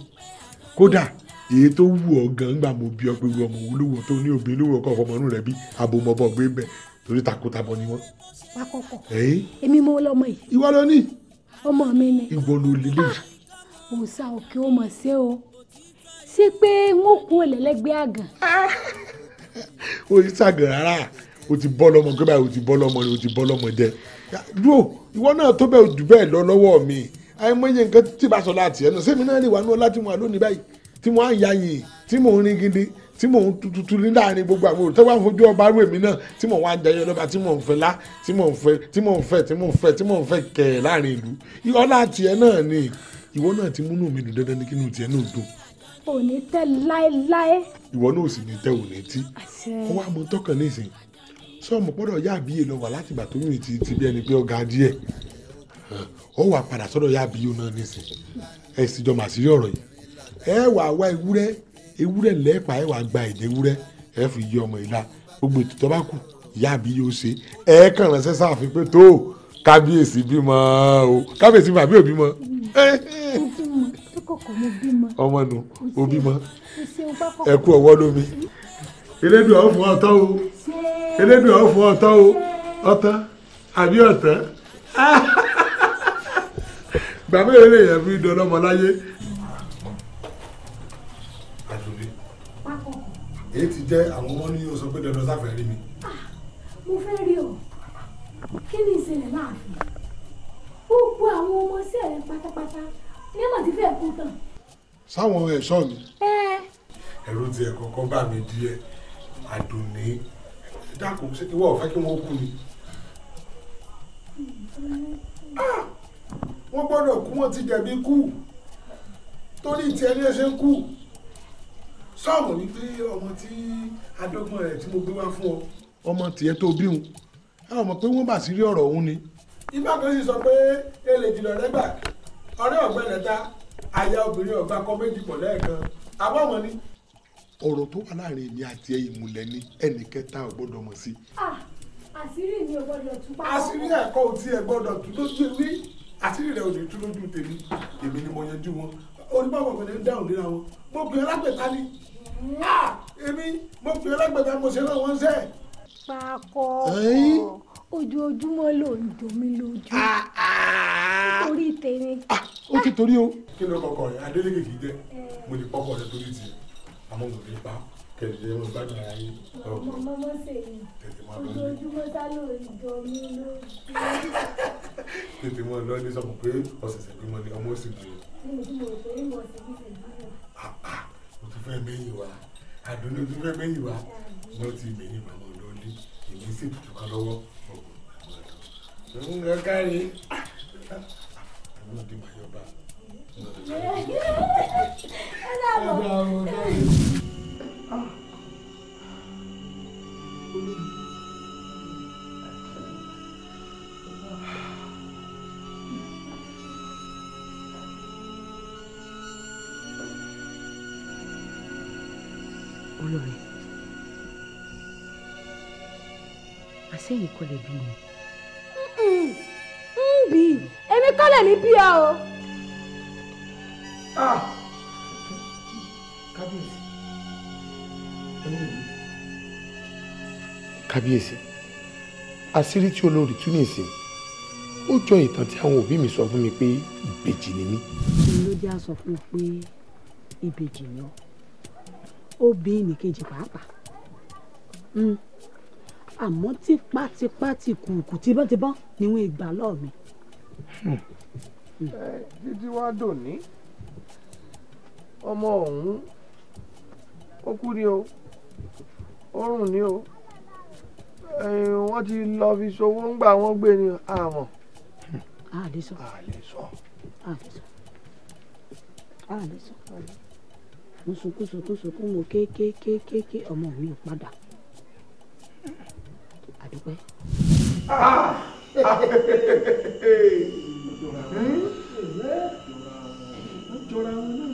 kódà èyí tó wù ọ gan gbà mo bí ọ pé wù ọmọ olówó tó ní òbí olówó ọkọ ọmọ inú rẹ bí abomọbọ gbé bẹ torí takuntabọ ni wọn. pakọkọ èmi mo lọmọ yìí. ìwọ ló ní. ọmọ mi ni. ìwọ ló lélẹ̀. Ah, òòsà òkè ó sí o ṣé pé wọn kú olẹ́lẹ́gbẹ́ àgàn. o yìí ṣàgàn rárá o ti bọ́ lọ́mọ gbé báyìí o ti bọ́ lọ́mọ o ti bọ́ lọ́mọ jẹ dúró ìwọ náà tó bẹ́ẹ̀ jù bẹ́ẹ̀ lọ lọ́wọ́ mi àìmọye nǹkan tí bá sọ láti ẹnu sẹ́mi náà lè wà ní ọlá tí mo wà lónìí báyìí tí mo á ya yìí tí mo ń rin gidi tí mò ń tututu ní láàrin gbogbo àwọn òrùtọ́ wà fojú ọba rú èmi náà tí mò ń jẹyọ lọ́ba tí mò ń fẹ́ lá tí mò ń fẹ́ tí mò ń fẹ́ tí mò ń fẹ́ tí mò ń fẹ́ kẹ̀ láàrin ìlú ọlá tiẹ̀ náà ni ìwọ náà ti múnú mi dùn dandan ní kí inú tiẹ̀ náà dùn ò ní tẹ́ láéláé. ìwọ náà sì ní tẹ́ ò ní tí ó wá mọ tọkàn nísìnyí sọmọ gbọ́dọ̀ yá àbíyè lọ wà látìgbà tó yún ti ti bí ẹni pé ọ̀gá díẹ̀ ó wà padà sọ́dọ̀ yá àbíyè náà nísìnyí ẹ sì jọ màsí rí ọ̀rọ̀ yìí ẹ wà wá ewúrẹ́ ewúrẹ́ lẹẹpa ẹ wà gba èdè ewúrẹ́ ẹ fi yí ọmọ ìlà gbogbo ètò tó bá kù yá àbíyè ó ṣe ẹ kàn ránṣẹ́ sáàfin pé tó kábíyèsí bímọ o kábíyèsí bàbí òbí mọ ọmọ nù obìmọ ẹkú ọwọ́ lómi elédùn àwọn ọtọ o elédùn àwọn ọtọ o ọtọ àbí ọtọ gbàgbé eré yẹn fi dọdọ mọ láyé. èyí ti jẹ́ àwọn ọmọ ní oṣù pé dandan sáfẹ́ rí mi. Ah, mo fẹ́ rí ọ kí ni ìṣẹ̀lẹ̀ máa fi gbogbo àwọn ọmọ sí ẹ̀rẹ́ pátápátá ní ẹ̀mọ̀ ti fẹ́ kú tán. sáwọn ẹ̀ṣọ́ ni. ẹ̀rù ti ẹ̀ kọ́kọ́ bá mi díẹ̀ àdùnní dákun ṣé kí wọ́n fẹ́ kí wọ́n kú ni. Ah! wọ́n gbọ́dọ̀ kú wọ́n ti jẹ̀bi kú torí tí ẹni ẹ ṣe ń kú sọ́ọ̀mù wípé ọmọ tí adọ́gbọ́n rẹ̀ tí mo gbé wá fún ọ. ọmọ tiẹ̀ tó bí òun ẹ ọmọ pé wọ́n bá sí rí ọ̀rọ̀ òun ni. ibà kan sì sọ pé èlè jùlọ rẹ gbà ọ̀rẹ́ ọ̀gbẹ́nẹ̀ta aya obìnrin ọ̀gbà kọ́ méjì pọ̀ lẹ́ẹ̀kan abọ́mọ ni. ọ̀rọ̀ tó wà láàrin èmi àti ẹ̀ ìmùlẹ̀ ni ẹnì kẹta ò gbọ́dọ̀ mọ̀ sí. àṣírí mi ò gbọ́dọ̀ tú pa. àṣírí ẹ̀kọ́ ò tiẹ̀ gbọ́dọ̀ tú lójú mi àṣírí rẹ̀ ò lè tú lójú tèmi èmi ni mo yanjú wọn onímọ̀gbọ̀n kò ní dáhùn nínú àwọn mo pè é ni mm-hmm. èmi mo pè é lágbèta mo ṣe náà wọ́n ń sẹ́. pàkọ́ ojoojúmọ́ ló ń jọ mí lójú ah, ah. nítorí tèmi. Ah, ó ti torí o. kí ló kọkọ rẹ adélèké kì í jẹ mo lè kọkọ rẹ torí tiẹ àmọ́ mo lè pa kẹlẹ mo bá gbà yín. ọmọ mọ́mọ́ sèyí ojoojúmọ́ tá ló ń jọ mí lójú. tètè mọ lọ ní sọmọ pé ọ̀sẹ̀sẹ̀ bímọ ni ọmọ sì bí o. mo ti mọ̀ pé mo ti bí sèyí. mo ti fẹ́ mẹ́yìn wa àdúró ti fẹ́ mẹ́yìn wa wọ́n ti mẹ́yìn màmá lọ́ọ́lí èmi sì tutù kan lọ́wọ́ òun lọ kárí. àwọn òbí máa mi. kálẹ̀ ní bíà o. Ah! kábíyèsí kábíyèsí àṣírí tí olórí tún ní ìsìn ó jọ ìtàn tí àwọn òbí mi sọ fún mi pé ìbejì ni mí. ló jẹ́ àsọ fún un pé ìbejì ni ọ́ ó bí ìnìkejì pàápàá hmm. àmọ́ tipátipá ti kùkù tibọ́tibọ́ ni wọ́n gbà lọ́ọ̀ mi títí wá dòní ọmọ ọ̀hún ó kú ni o ó rùn ni o wọ́n ti lọ fi ṣòwò ń gbà wọ́n gbé ni àmọ́. a lè sọ a lè sọ a lè sọ a lè sọ mo sunkún sunkún sunkún mo kékékékéké ọmọ mi ò padà àdúpẹ́. Ah! jọra wọn náà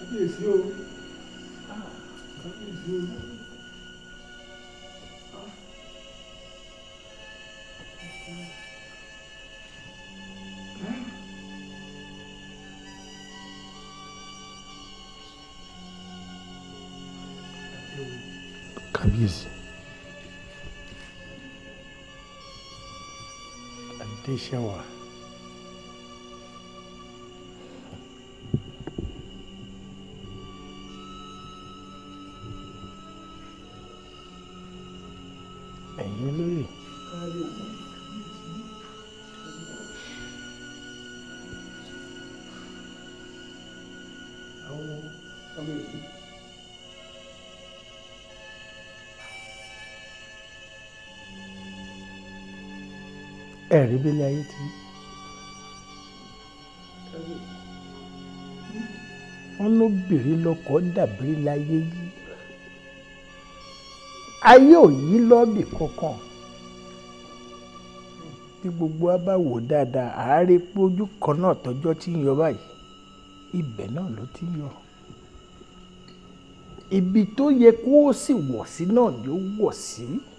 kábíyèsí o kábíyèsí 给我。ẹ̀rí bílẹ̀ ayé ti rí. wọ́n lóbìnrin lọ́kọ dàbírí láyé yìí ayé ò yí lọ́ọ̀bì kankan bí gbogbo wa bá wò dáadáa àárẹ̀ pé ojú kan náà tọ́jọ́ ti ń yọ báyìí ibẹ̀ náà ló ti ń yọ ibi tó yẹ kó o sì wọ̀ sí náà ni ó wọ̀ sí. Si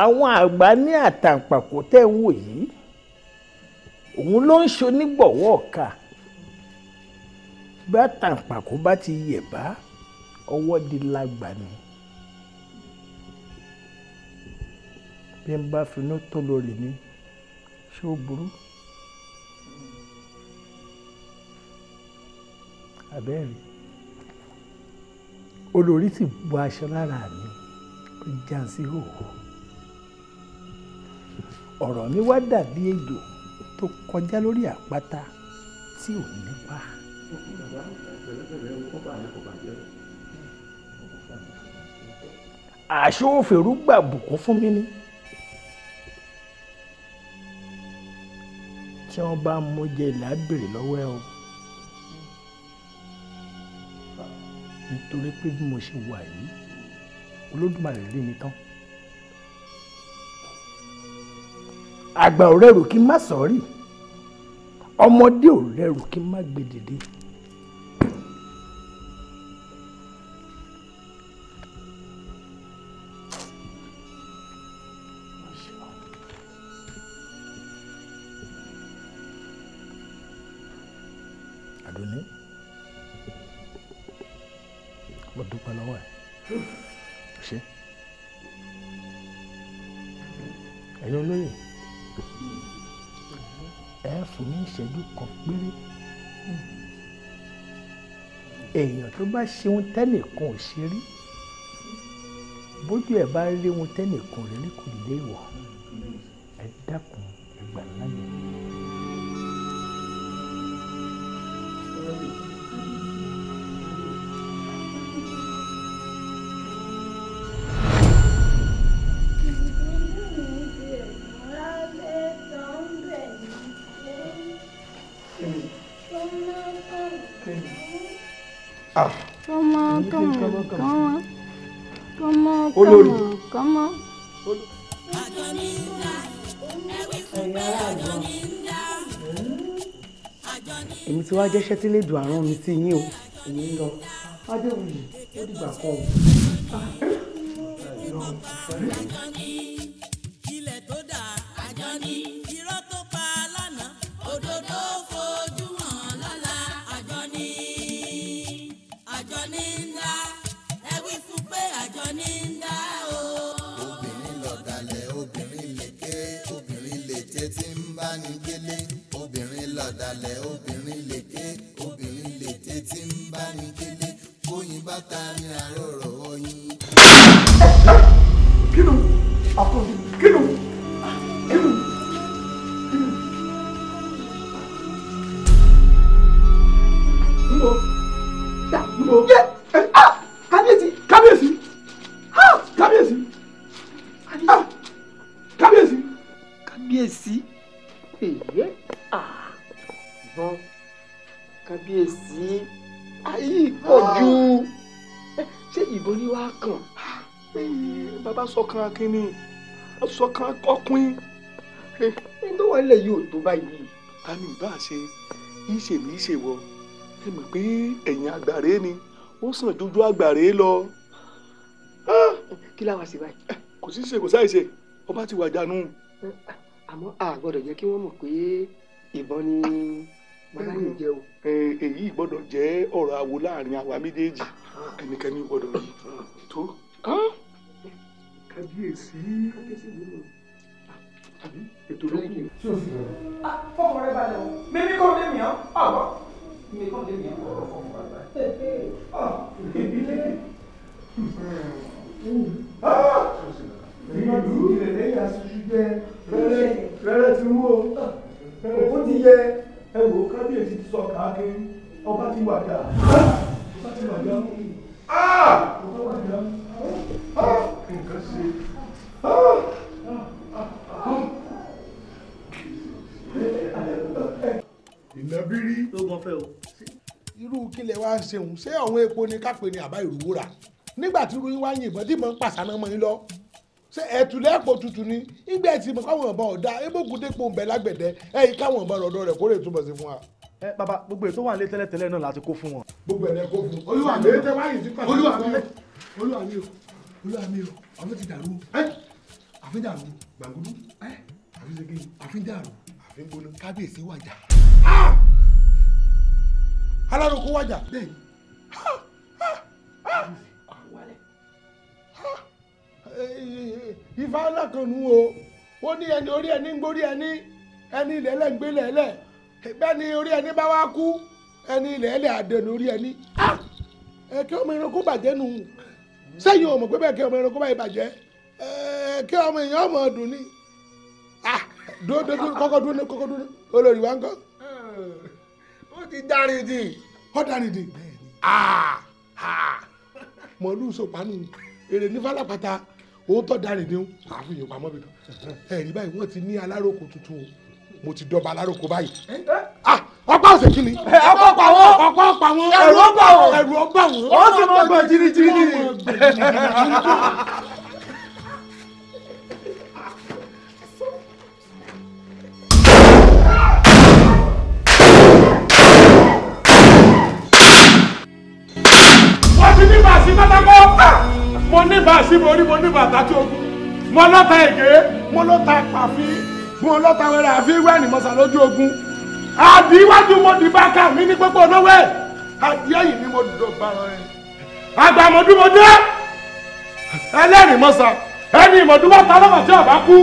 àwọn àgbà ní àtàǹpàkò tẹ́ ń wò yìí òun ló ń ṣonígbọ̀wọ́ ọ̀ka bá tàǹpàkò bá ti yẹ̀bá ọwọ́ di lágbà ni bí n bá finú tó lórí ni ṣé ó burú àbẹ́rẹ́ olórí ti bu aṣọ lára mi ó já sí òhò ọ̀rọ̀ mi wá dàbí ejò tó kọjá lórí àpáta tí ò nípa. àṣòfèrú gbà bùkún fún mi ni. tí wọ́n bá mú jẹ lábèrè lọ́wọ́ ẹ o. nítorí pé bí mo ṣe wà yìí olódùmarè rí mi tán. àgbà ò rẹrù kí n má sọ̀rí ọmọdé ò rẹrù kí n má gbèdéde. bá ṣe ohun tẹ́nìkan ò ṣe rí bójú ẹ̀ bá rí ohun tẹ́nìkan ò rí kò lè wọ̀ dákun. jẹ́ṣẹ́ tí lè dùn àrùn mi sí yín o èmi ń lọ adéwìyí ó dìgbà kan o. Ah, àpòjù kínú ah, kínú kínú. nbọ ya nbọ yẹ eh, a ah, kábíyèsí kábíyèsí a kábíyèsí a kábíyèsí. kábíyèsí èyí a bọ́ kábíyèsí ayé pọ̀ jù ṣé ìbọn ni wàá kàn ah, eh, bàbá sọ kan kínní sọ́kàn kọ́kún yín. ẹni tó wà nílẹ̀ yìí ò tó báyìí. tani ìbá ṣe ìṣe mi ṣe wọ ẹ mọ̀ pé ẹ̀yìn àgbàre ni ó sàn jọjọ àgbàre lọ. kí láwa ṣe báyìí. Eh, kò sí ṣe kò sáì ṣe ọba ti wà jánu. àmọ́ a gbọ́dọ̀ jẹ́ kí wọ́n mọ̀ pé ìbọn ni bàbá yìí jẹ́ o. Eh, èyí gbọ́dọ̀ jẹ́ ọ̀rọ̀ àwo láàrin àwa méjèèjì ah. ẹnikẹ́ni gbọ́dọ̀ yìí ah. tó kábíyèsí kábíyèsí wò lò àbí ètò olókùn. fọwọ́ rẹ balẹ̀ o mímí kọ́ lé mi ọ́ ọ̀gbọ́n mímí kọ́ lé mi ọ́ ọ̀rọ̀ fọwọ́ balẹ̀ ọ̀ ìbílẹ̀ ìlú lẹ́yìn aṣojú jẹ́ fẹ́rẹ́ fẹ́rẹ́ ti wó ó ti yẹ ẹ kábíyèsí ti sọ káàkiri ọba ti wàjà ọba ti wàjà ọba ti wàjà nǹkan ṣe. ìnàbírí. ló gbọ́n fẹ́ o. irú kílẹ̀ wa ń ṣeun ṣé àwọn epo ni ká pè ní àbá ìrúwúrà nígbà tí irú yín wá yìnbọn tí mò ń pàṣánà mọ́ yín lọ ṣe ẹtùlẹ́pọ̀ tuntun ni ìgbà tí mo káwọn ọ̀bọ̀n ọ̀dà ebókùndépò ń bẹ lágbẹ̀dẹ ẹ̀yìn káwọn ọ̀bọ̀n ọ̀dọ́ rẹ̀ kórè túbọ̀ sí fún wa ẹ bàbá gbogbo ètò wà ní tẹ́lẹ̀tẹ́lẹ̀ náà láti kó fún wọn. gbogbo ẹ̀ lẹ kó fún olúwa mi tẹ wáyé sí pàtó olúwa mi olúwa mi o olúwa mi o àwọn ti dàrú o àfin dàrú gbàngudu àfin segin àfin dàrú àfin gbóná kábíyèsí wàjà alárokó wàjà bẹ́ẹ̀ ifá ńlá kan nù o ó ní ẹni orí ẹni ń gbórí ẹni ẹni ilẹ̀ ẹlẹ́ǹgbẹ́lẹ̀ ẹlẹ́ẹ̀ bẹ́ẹ̀ ni orí ẹni bá wá kú ẹni ilẹ̀ ẹlẹ́ àdẹnu orí ẹni ah! ẹ kí ọmọ ẹranko bàjẹ́ nù sẹ́yìn ọmọ pé bẹ́ẹ̀ kí ọmọ ẹranko báyìí bàjẹ́ ẹ kí ọmọ èèyàn ọmọ ọdún ni ah! dúró kọ́kọ́ dúró kọ́kọ́ dúró olórí wa ń kọ́. ó ti dárin dì. ó dárin dì ah! mọ̀lú sọ̀pánù èrè ní fálápàtà òótọ́ dárin dì ń àfihàn pamọ́ bìkan ẹ̀rí báyìí wọ́n ti ní aláròkò tuntun o mo ti dọba aláròkó báyìí ah, ọ̀pá ọ̀sẹ̀ kìíní. ọ̀pá ọ̀pá wọn. ọ̀pá ọ̀pá wọn. ẹ̀rù ọ̀pá wọn. ẹ̀rù ọ̀pá wọn. wọ́n sì máa gbọ́ jìnnìjìnnì ni. wọ́n ti ní bàásì pátákó. mo ní bàásì mo rí mo ní bàtà tí o kú. mo lọ́ta ègé mo lọ́ta pàfin mo lọ́ta wẹ̀rẹ̀ àfi wẹ́ẹ̀nì mọ́sà lójú ogun àdìwájú mo dì bá ká mi ní pópó olówó ẹ̀ àdìẹ́yìn ni mo dùn bàrọ̀ ẹ̀ àgbàmọ̀dúnmọ̀dé ẹlẹ́rìí mọ́sà ẹni ìmọ̀dúnwá ta lọ́mọ̀ tí ọ̀bá kú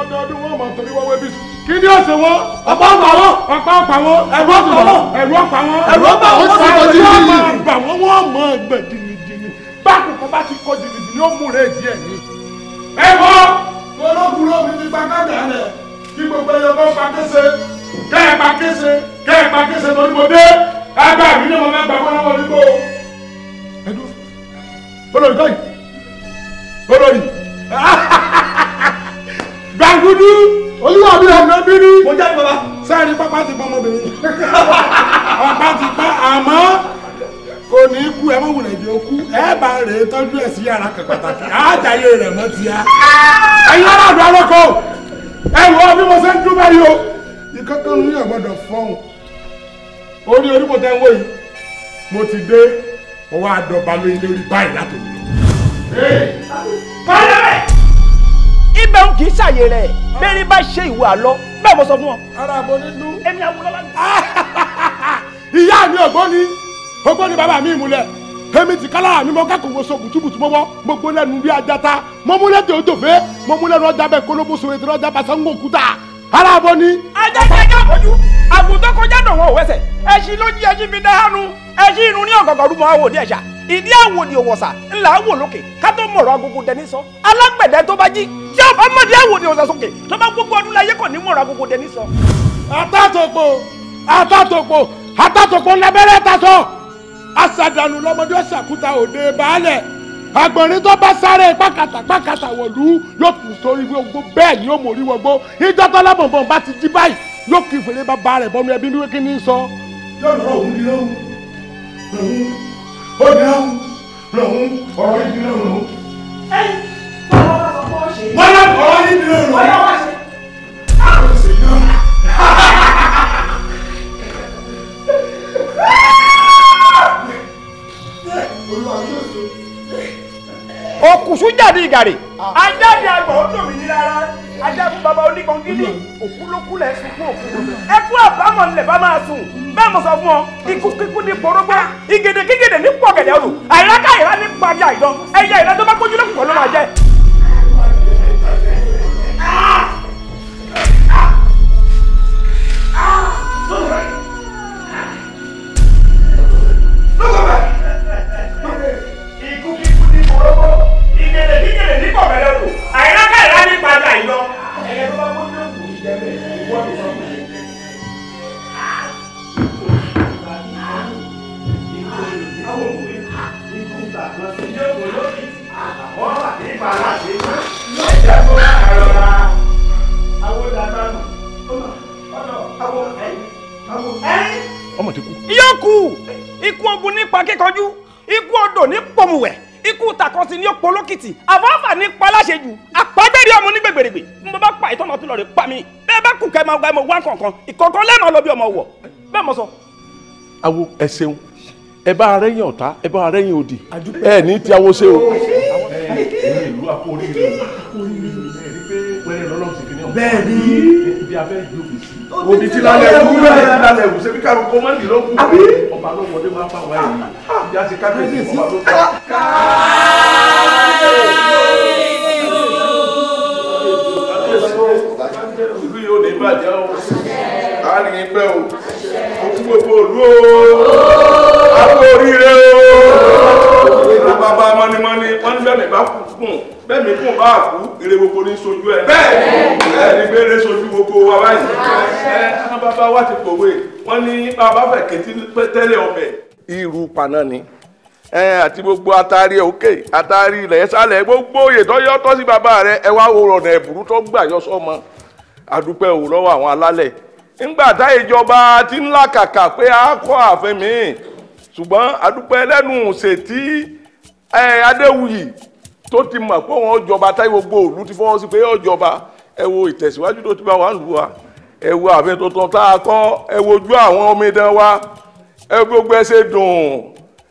ọdọọdún wọn mọ̀ torí wọ́n wé bí kí ni yóò ṣe wọn. ọ̀pá ọ̀pá wọn. ọ̀pá ọ̀pá wọn. ẹ̀rọ ọ̀pá wọn. ẹ̀rọ ọ̀pá wọn. ẹ̀rọ ọ̀pá wọn sì kọ́ jìnnì jìnnì. wọ́n mọ̀ bà wọ́n wọ́n mọ̀ gbẹ̀ jìnnì jìnnì. báàkù kan bá ti kọ́ jìnnì jìnnì ó múre díẹ̀ ni. ẹ wọ́n olókùnrin omi ti pa kájà rẹ̀ kí gbogbo ẹyọ bá pa kése kẹ́ ẹ̀ pa kése kẹ́ ẹ̀ pa kése torí mo dé agbá mi ni mo máa gbà wọ́n lọ́wọ́ nígbò. ẹ̀dùn olórí báyìí olórí gbàgùdù olúwa mi ọ̀nà bínú. mo jáde bàbá. sẹ́ẹ̀rì pápá ti pọ́n mọ́bìnrin pápá ti pọ́n àmọ́ kò ní kú ẹ mọ̀wùn rẹ̀ yóò kú ẹ bá rè é tọ́jú ẹ̀ sí yàrá kan pàtàkì àjàyè rẹ̀ mọ́ ti yá. ẹ̀yin aráàlú alọ́kọ̀ ẹ wọ bí mo ṣe ń dúró báyìí o ìkọ́kọ́ ní ọ̀gbọ́dọ̀ fọ́hùn orí orí tẹ́ ń wò yìí mo ti dé mo wá dọ̀ba lóyún lórí báyìí látòmí ibẹ̀ ń kì í ṣàyè rẹ̀ ah. bẹ́ẹ̀ni bá ṣe ìwé àlọ́ bẹ́ẹ̀ mo sọ fún ọ. ara àbọ̀ nínú. èmi àwọn ọlọ́lá. ìyá mi ọ̀gbọ́n ni ọgbọ́n ni bàbá mi ìmúlẹ̀ èmi ti kálá mi mọ kákòwò so bùtùbùtù mọ́wọ́ mo gbó lẹ́nu bí ajata mo mú lẹ́tọ̀ ó dòfé mo mú lẹ́nu ọjà bẹ́ẹ̀ kólóbó so ètò ọjà pàṣẹ ń gòkúta ara bọ ni. ajá jẹjẹ àbójú àgùntàn kọjá dọ̀wọ́ òwẹ́sẹ̀ ẹṣin ló jí ẹṣin fi dá hánu ẹṣin irun ní ọ̀gọ̀gọ̀ rúmọ àwọn òní ẹ̀ṣà ìdí àwọn òní òwòsà ńlá wò lókè ká tó mọ̀rọ̀ agogo dẹni sọ alágbẹ̀dẹ tó bá jí tí ọmọdé àwọn òní òwòsà sókè tó bá gbogbo ọdún láyé kò ní mọ̀rọ̀ agogo dẹni sọ. àtàtòpò àtàtòpò àtàtòpò lábẹ́rẹ́ ta sọ asàdànù lọmọdé ọ̀sàkúta òde baálẹ̀ àgbọ̀nrín tó bá sáré pákàtà pákàtà wọ̀lú yóò kù sórí gbogbo bẹ́ẹ̀ ni ó mórí wọgbó ìjọ tọ́lá bá ti jí báyìí yóò kì í fèrè bàbá rẹ̀ bọ́nu ẹbí wíwé kí ni sọ. yóò òun di lóhùn lòun ó di lóhùn lòun ọ̀rọ̀ yìí di lóhùn ẹ bọ́lá bọ́lá ṣe. bọ́lá bọ́lá yìí di bọ́lá ṣe. òkùsù jáde ìgàrè ah. ajáde àgbà ó lòmì ní rárá ajá fún baba oníkan gidi mm. òkúlókú lẹ sunkún òkúlókú ẹkú àbámọ̀ nílẹ̀ bá máa sùn bẹ́ẹ̀ mo sọ fún ọ ikú kíkú ní porógbó igede kígede ní pọ̀gẹ̀dẹ̀ olù àyíká ìrá ní pàjá ìdán ẹyẹ ìdán tó bá wá kankan ìkọ̀kan lẹ́ẹ̀mọ́ lọ ọmọ wọ̀ bẹ́ẹ̀ mọ sọ. awo ẹ ṣeun ẹ bá ara yẹn ọ̀tá ẹ bá ara yẹn òdì ẹ ní ti awo ṣe o. bẹ́ẹ̀ ni ti lálẹ́ ẹ̀wù bẹ́ẹ̀ ti lálẹ́ ẹ̀wù ṣe bí káàró kó kú. ọba ló máa bá wa ẹ̀yìn ìyá ti kábíyèsí ọba ló ta. gbogbo ìlú o àpò oríire o ìlú bàbá mọ́nímọ́ní wọ́n ní bẹ́ẹ̀ mi bá kú kùn bẹ́ẹ̀ mi kùn bá kú ire gbogbo ní sojú ẹ bẹ́ẹ̀ bẹ́ẹ̀ ni gbére sojú gbogbo wa báyìí ẹ ẹ bàbá wa ti pòwe wọ́n ní bàbá fẹ̀ kétí tẹ́lẹ̀ ọbẹ̀. irú paná ni àti gbogbo atari òkè atari ilẹ̀ sálẹ̀ gbogbo oyè tó yọ tọ́ sí bàbá rẹ ẹ wá wo ọ̀nà ẹ̀bùrú ńgbàtá ìjọba ti ń làkàkà pé a kọ́ àfẹ́mi ṣùgbọ́n adúpẹ́ lẹ́nu ṣètí adéwuyì tó ti mọ̀ pé wọ́n jọba táyé gbogbo òlu ti fọwọ́ sí pé yóò jọba ẹ wo ìtẹ̀síwájú tó ti bá wà ń lù wá ẹ wo àfẹ́ tuntun tá a kọ́ ẹ wojú àwọn omidan wa ẹ gbogbo ẹ ṣe dùn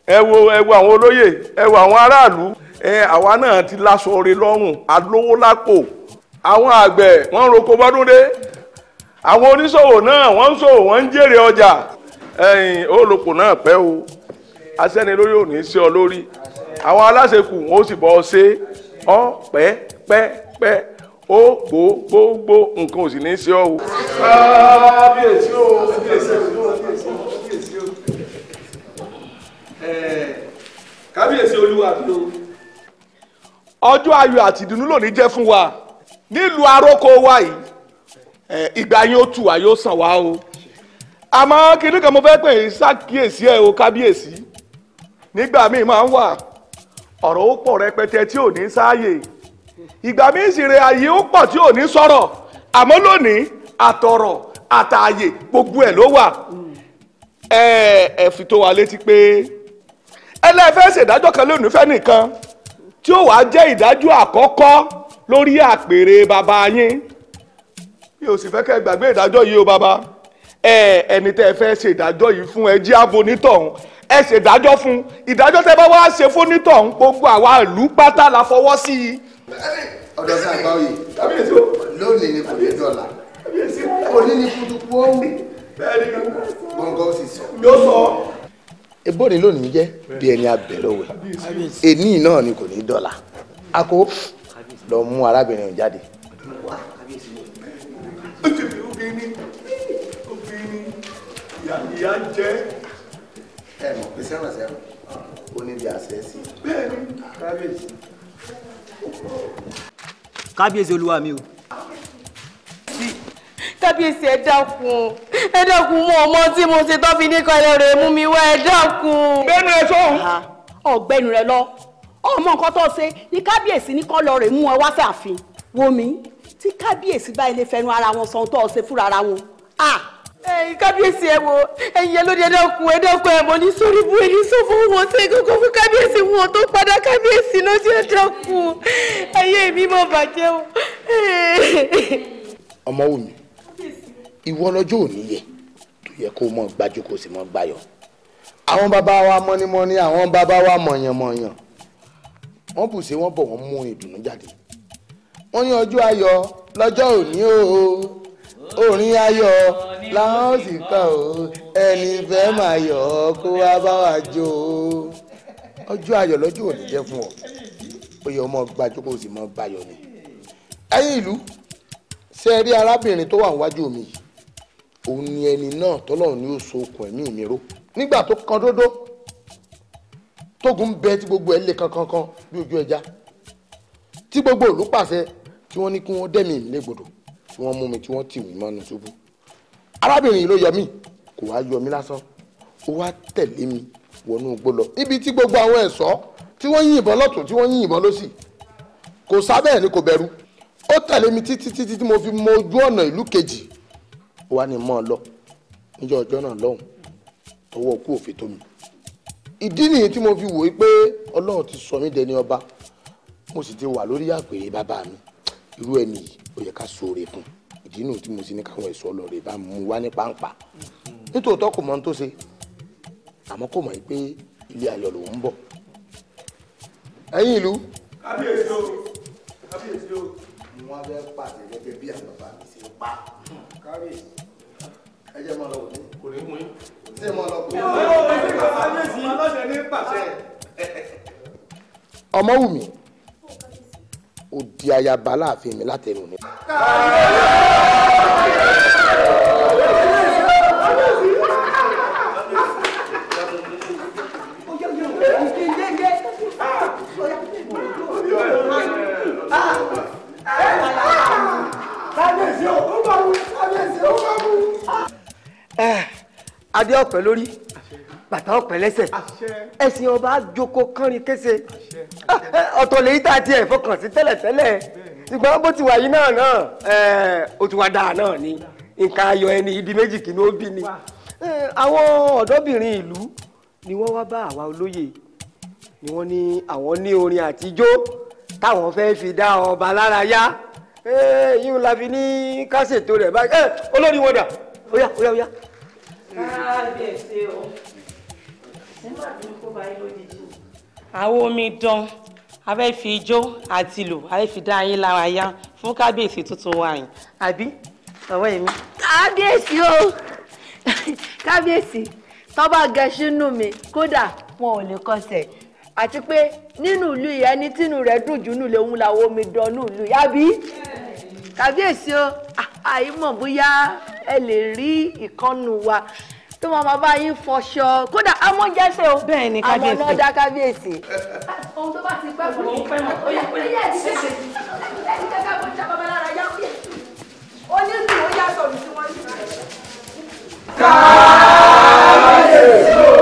ẹ wo ẹ wo àwọn olóyè ẹ wo àwọn aráàlú ẹ àwa náà ti láṣọ oore lọ́rùn alówó lápò àwọn àgbẹ̀ wọ́n roko bọ́dún dé àwọn oníṣòwò náà wọ́n ń ṣòwò wọ́n ń jèrè ọjà ẹ̀yìn olùkù náà pẹ́ o asẹ́ni lórí ò ní í ṣe ọ lórí àwọn aláṣekù wọn ó sì bọ́ ọ ṣe ọ pẹ́ pẹ́ pẹ́ ó gbó gbógbó nǹkan ò sì ní í ṣe ọ o. kábíyèsí o kábíyèsí olúwa mi o. ọjọ́ ayọ̀ àtìdùnnú lónìí jẹ́ fún wa nílùú aróko wa yìí ìgbà yín ó tù wá yóò sàn wá o àmọ́ kinní kan mo fẹ́ pè é ṣàkíyèsí ẹ̀ o kábíyèsí nígbà míì máa ń wà ọ̀rọ̀ ó pọ̀ rẹpẹtẹ tí ò ní sáàyè ìgbà míì sì rẹ àyè ó pọ̀ tí ò ní sọ̀rọ̀ àmọ́ lónìí àtọ̀rọ̀ àtààyè gbogbo ẹ̀ ló wà ẹ ẹ fi tó wa létí pé ẹlẹ́fẹ́ ṣèdájọ́ kan lónìí fẹ́ nìkan tí ó wàá jẹ́ ìdájọ́ àkọ́kọ́ lórí àpèrè bàbá yín mi ò sì fẹ́ kẹ́ gbàgbé ìdájọ́ yìí o bàbá ẹ ẹni tẹ́ ẹ fẹ́ ṣe ìdájọ́ yìí fún ẹ jí àfonítọ̀hún ẹ ṣe ìdájọ́ fún ìdájọ́ tẹ́ bá wá ṣe fónítọ̀hún gbogbo àwa ìlú pátá la fọwọ́ sí i. ọ̀dọ̀ sí àgbà òye lónìí ni kò ní dọ̀là òní ni kutukú ọ̀hún gbọ̀ngàn sì sọ. yóò sọ. ebó ni lónìí jẹ́ bí ẹni abẹ̀rẹ̀ òwe èní náà ni kò ní dọ̀là ako lọ mú arábìnrin jáde obìnrin obìnrin ìyá jẹ́ ẹ mọ̀ pé sẹ́wọ̀n sẹ́wọ̀n ó níbi àṣẹ sí. bẹ́ẹ̀ni kábíyèsí. kábíyèsí olúwa mi o. kábíyèsí ẹ dákun ẹ dákun mọ ọmọ tí mo ṣe tó fi ní kan ẹlẹ́rọ mú mi wá ẹ dákun. bẹ́ẹ̀ni ẹ sọ̀hún. ọ̀gbẹ́ni rẹ lọ ọmọ nǹkan tó ṣe ni kábíyèsí ní kọ́ lọ rè mú ọ wá sí ààfin wo mi tí kábíyèsí bá ilé fẹnu ara wọn sọ̀tọ̀ ọ̀sẹ̀ fúnra ara wọn. ẹ̀yin kábíyèsí ẹ wo ẹ̀yin ẹlòdì ẹdọkùn ẹdọkùn ẹ mọ ní sórí bu èyí sọ fún wọn tí kókó fún kábíyèsí wọn tó padà kábíyèsí náà ti ẹdọkùn ẹ̀yin èmi mọ bàjẹ́ o. ọmọ wù mí ìwọ lọ́jọ́ òní yẹ tó yẹ kó mọ gbájú kó sì mọ gbáyọ àwọn bàbá wa mọ́nímọ́ní àwọn bàbá wa mọ̀yànmọ̀yàn wọ́n bù sí wọ́n bọ̀ wọ́n mú ìdùnnú jáde wọ́n ní ọjọ́ ayọ̀ lọ́jọ́ òní o orin ayọ̀ làwọn ò sì kà o ẹni fẹ́ máa yọ̀ ọ́ kó wá bá wa jó o ọjọ́ ayọ̀ lọ́jọ́ òní jẹ́ fún ọ ó yẹ ọmọ gbàjókòó kó sì mọ gbayọ̀ ni. ẹ̀yin ìlú ṣe rí arábìnrin tó wà níwájú mi yìí òun ni ẹni náà tọ́lọ́run ni ó so okùn ẹ̀mí mi ró nígbà tó kan dódó tógun bẹ tí gbogbo ẹ lé kankankan bí ojú ẹja tí gbogbo òlú pàṣẹ tí wọ́n ní kí wọ́n dẹ́mi ìlégbodò tí wọ́n mú mi tí wọ́n tì mí mọ́nu ṣubú arábìnrin ló yọ mí kò wá yọ mí lásán ó wá tẹ̀lé mi wọnú igbó lọ ibi tí gbogbo àwọn ẹ̀ṣọ́ tí wọ́n yìnbọn lọ́tún tí wọ́n yìnbọn lọ́sì kò sábẹ́ ni kò bẹ̀rù ó tẹ̀lé mi títí títí tí mo fi mọ ojú ọ̀nà ìlú kejì ó wá ní mọ́ ọ lọ níjọ́ ọjọ́ náà lọ́hùn ọwọ́ kú òfin tó ìdí nìyí tí mo fi wòó pé ọlọ́run ti sọ mí dẹni ọba mo sì ti wà lórí àpèrè bàbá mi irú ẹni yìí ó yẹ ká sóore fún ìdí nù tí mo ti ní káwọn ẹ̀ṣọ́ lọ rè bá mú wá ní pàǹpà nítòótọ́ kò mọ ohun tó ṣe àmọ́ kò mọ̀ pé ilé ayọ̀ ló bọ̀ ẹ̀yin ìlú. kábíyèsí o kábíyèsí o. wọn bẹ pàṣẹ gẹ́gẹ́ bí àwọn bàbá mi ṣe pa kábíyèsí ẹ jẹ́ máa lọ wò ní. kò ní mú yín. ṣé máa lọ kó. ọmọ wù mí ó di ayaba láàfin mi látẹnu ni. Eh, adé ọ̀pẹ lórí bàtà ọ̀pẹ lẹ́sẹ̀ ẹ̀sìn ọba jókòó kánrin kése ọ̀tọ̀ lèyí tá a tiẹ̀ fọkàn sí tẹ́lẹ̀tẹ́lẹ̀ ṣùgbọ́n bó ti wà yìí náà náà eh, ó ti wá dáa náà ni nǹkan ayọ̀ ẹni ibi méjì kìíní ó bí ni eh, àwọn ọ̀dọ́bìnrin ìlú ni wọ́n wá bá àwa olóyè ni wọ́n ní àwọn ní orin àtijọ́ táwọn fẹ́ fi dá ọba lára yá eh, yíyún la fi ní kásètò rẹ̀ báyìí olórí wọn dà ó yá ó yá ó yá. káàbíyèsí o àwọn omidan abẹ́ fi ijó àti ìlù abẹ́ fi dá yín lára yá fún kábíyèsí tuntun wa yìí àbí ọwọ́ èmi. kábíyèsí o kábíyèsí tó bá gẹṣú nù mí kódà wọn ò lè kọsẹ̀ àti pé nínú ìlú yìí ẹni tínú rẹ̀ dùn jù nù lòun làwọn omidan nù ìlú yìí àbí kábíyèsí o àìmọ̀ bóyá ẹ lè rí ìkọ́nù wa tó máa máa bá yín fọṣọ kódà amójẹsẹ o bẹ́ẹ̀ ni kábíyèsí àwọn ọlọ́dà kábíyèsí. ohun tó bá ti pẹ́ kò ní pẹ́ mọ́ ó yẹ pé ẹ̀yẹ́ ti ṣe ṣe ẹ̀yẹ́ gẹ́gẹ́ bàbá lára yá fún ní ìlú ó yàtọ̀ ní tí wọ́n ń ṣe. o.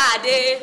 Sátidé.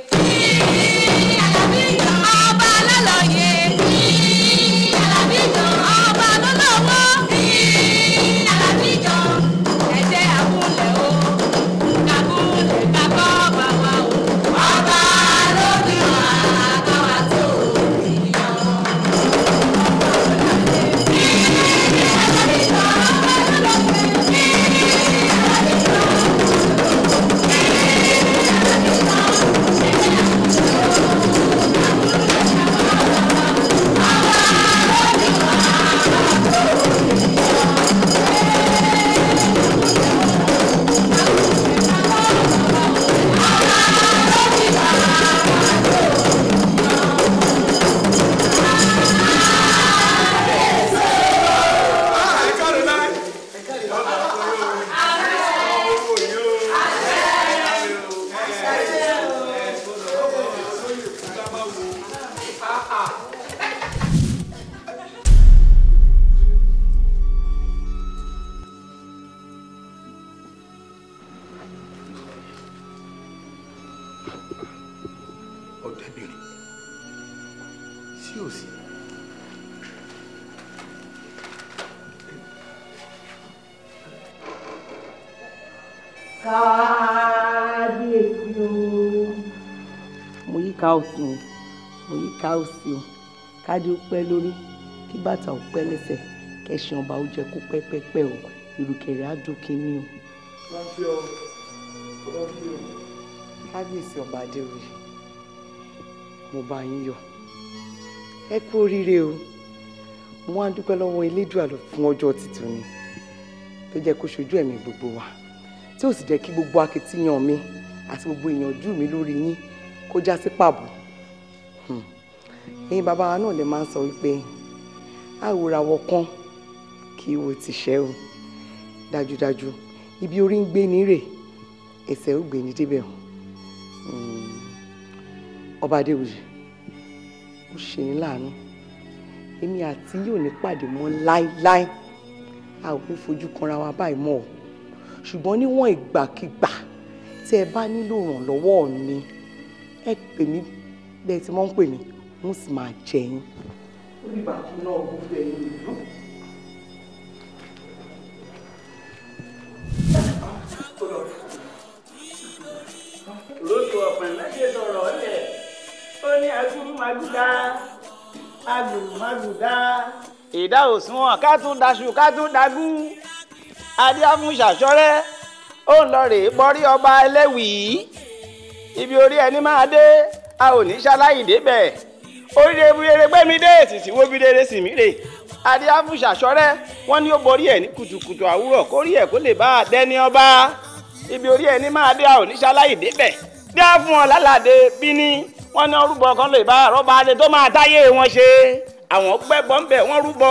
kádé ó pẹ́ lórí kí bàtà ó pẹ́ lẹ́sẹ̀ kẹsàn ọba ó jẹ́ kó pẹ́pẹ́pẹ́ o ìrùkẹ̀rẹ̀ á dùn kínní o. kábíyèsí ọba adéwì mo bá yín yọ̀ ẹ kú oríire o mo á dúpẹ́ lọ́wọ́ elédùà lọ fún ọjọ́ titun ni tó jẹ́ kó ṣojú ẹ̀mí gbogbo wa tí ó sì jẹ́ kí gbogbo akitiyan mi àti gbogbo ìyànjú mi lórí yín kó já sí pàbó ẹ̀yin bàbá wa náà lè máa ń sọ wípé àwòràwọ̀ kan kì í wo tìṣẹ́ o dájúdájú ibi orí ń gbé ní rè ẹsẹ̀ ó gbé ní débẹ̀ o hmm. ọba adéwòye ó ṣe ní láàánú èmi àti yóò ní pàdé mọ́ láéláé a ò ní fojú kanra wa báyìí mọ́ o ṣùgbọ́n níwọ̀n ìgbàkigbà tí ẹ bá nílò ìrànlọ́wọ́ mi ẹ pè mí bẹ́ẹ̀ tí wọ́n ń pè mí wọ́n sì máa jẹ yín. ó ní bàbá náà kó fẹ́ yín ìlú. lóṣù ọ̀pẹ̀ lẹ́sẹ̀ ọ̀lẹ̀ ó ní agúrúmagúdá agùrùmagùdá. ìdá òṣùwọ̀n ká tún daṣu ká tún dagú adéhàmúṣàṣọ́rẹ́ ó ń lọ rèé bọ́rí ọba ẹlẹ́wìí ibi orí ẹni máa dé a ò ní ṣaláì débẹ̀ oríire ebúrere gbẹ́mi dé èsìsì wo bí rere sì mí rè adé afúnṣà sọ́rẹ́ wọ́n ní ó borí ẹ̀ ní kùtùkùtù àwúrọ̀ kórí ẹ̀ kó lè bá a dẹ́ni ọba ibi orí ẹ̀ ní máa dé àwọn oníṣàláyè débẹ̀ dé á fún ọ lálàdé bí ní wọ́n ní ọrúbọ kan lè bá àrọ́bà adé tó máa táyé wọn ṣe àwọn gbẹ́bọ̀ ń bẹ̀ rúbọ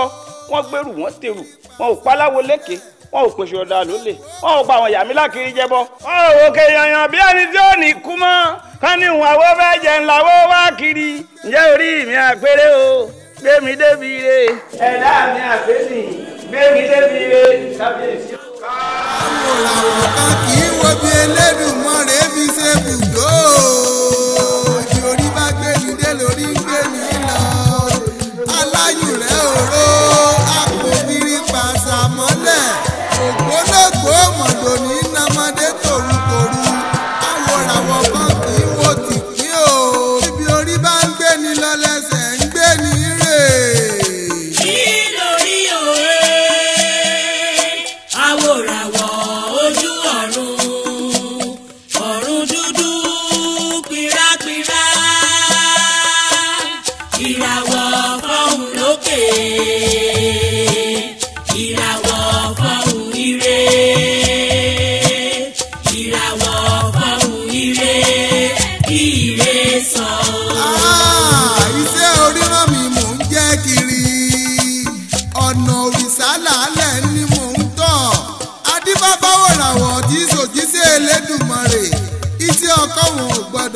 wọ́n gbèrú wọ́n tèrú wọn ò paláwo lékè wọn ò pèsè ọ̀dà lólè wọn ò gba àwọn ìyá mi lákiri jẹbọ. wọn ò òkè yanyan bí ẹni tí ò ní kú mọ́ ká ní ìwọ̀n àwọ̀ fẹ́ jẹ ńláwọ́ wá kiri ǹjẹ́ orí mi àpérè o gbé mi débi ire. ẹ̀dá mi àpérè gbé mi débi ire kábíyèsí. káàmùlà a kì í wo bí Elédùmarè fi ṣe bùdó ìròrí bá gbé mi mi lọ aláyùn rẹ̀ òró.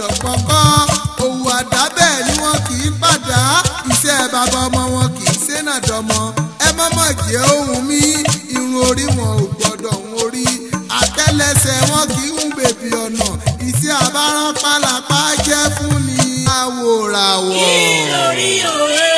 gbọ́dọ̀ kọ́kọ́ òwò àdábẹ̀ ni wọn kì í padà iṣẹ́ bàbá ọmọ wọn kì í ṣénà dọmọ ẹ mọ́mọ́ jẹ́ ohun mi irun orí wọn ò gbọ́dọ̀ hun orí àtẹ́lẹsẹ̀ wọn kì í hun bèbí ọ̀nà iṣẹ́ àbárán pálapá jẹ́ fún ni àwòràwọ̀. kí lórí òwe.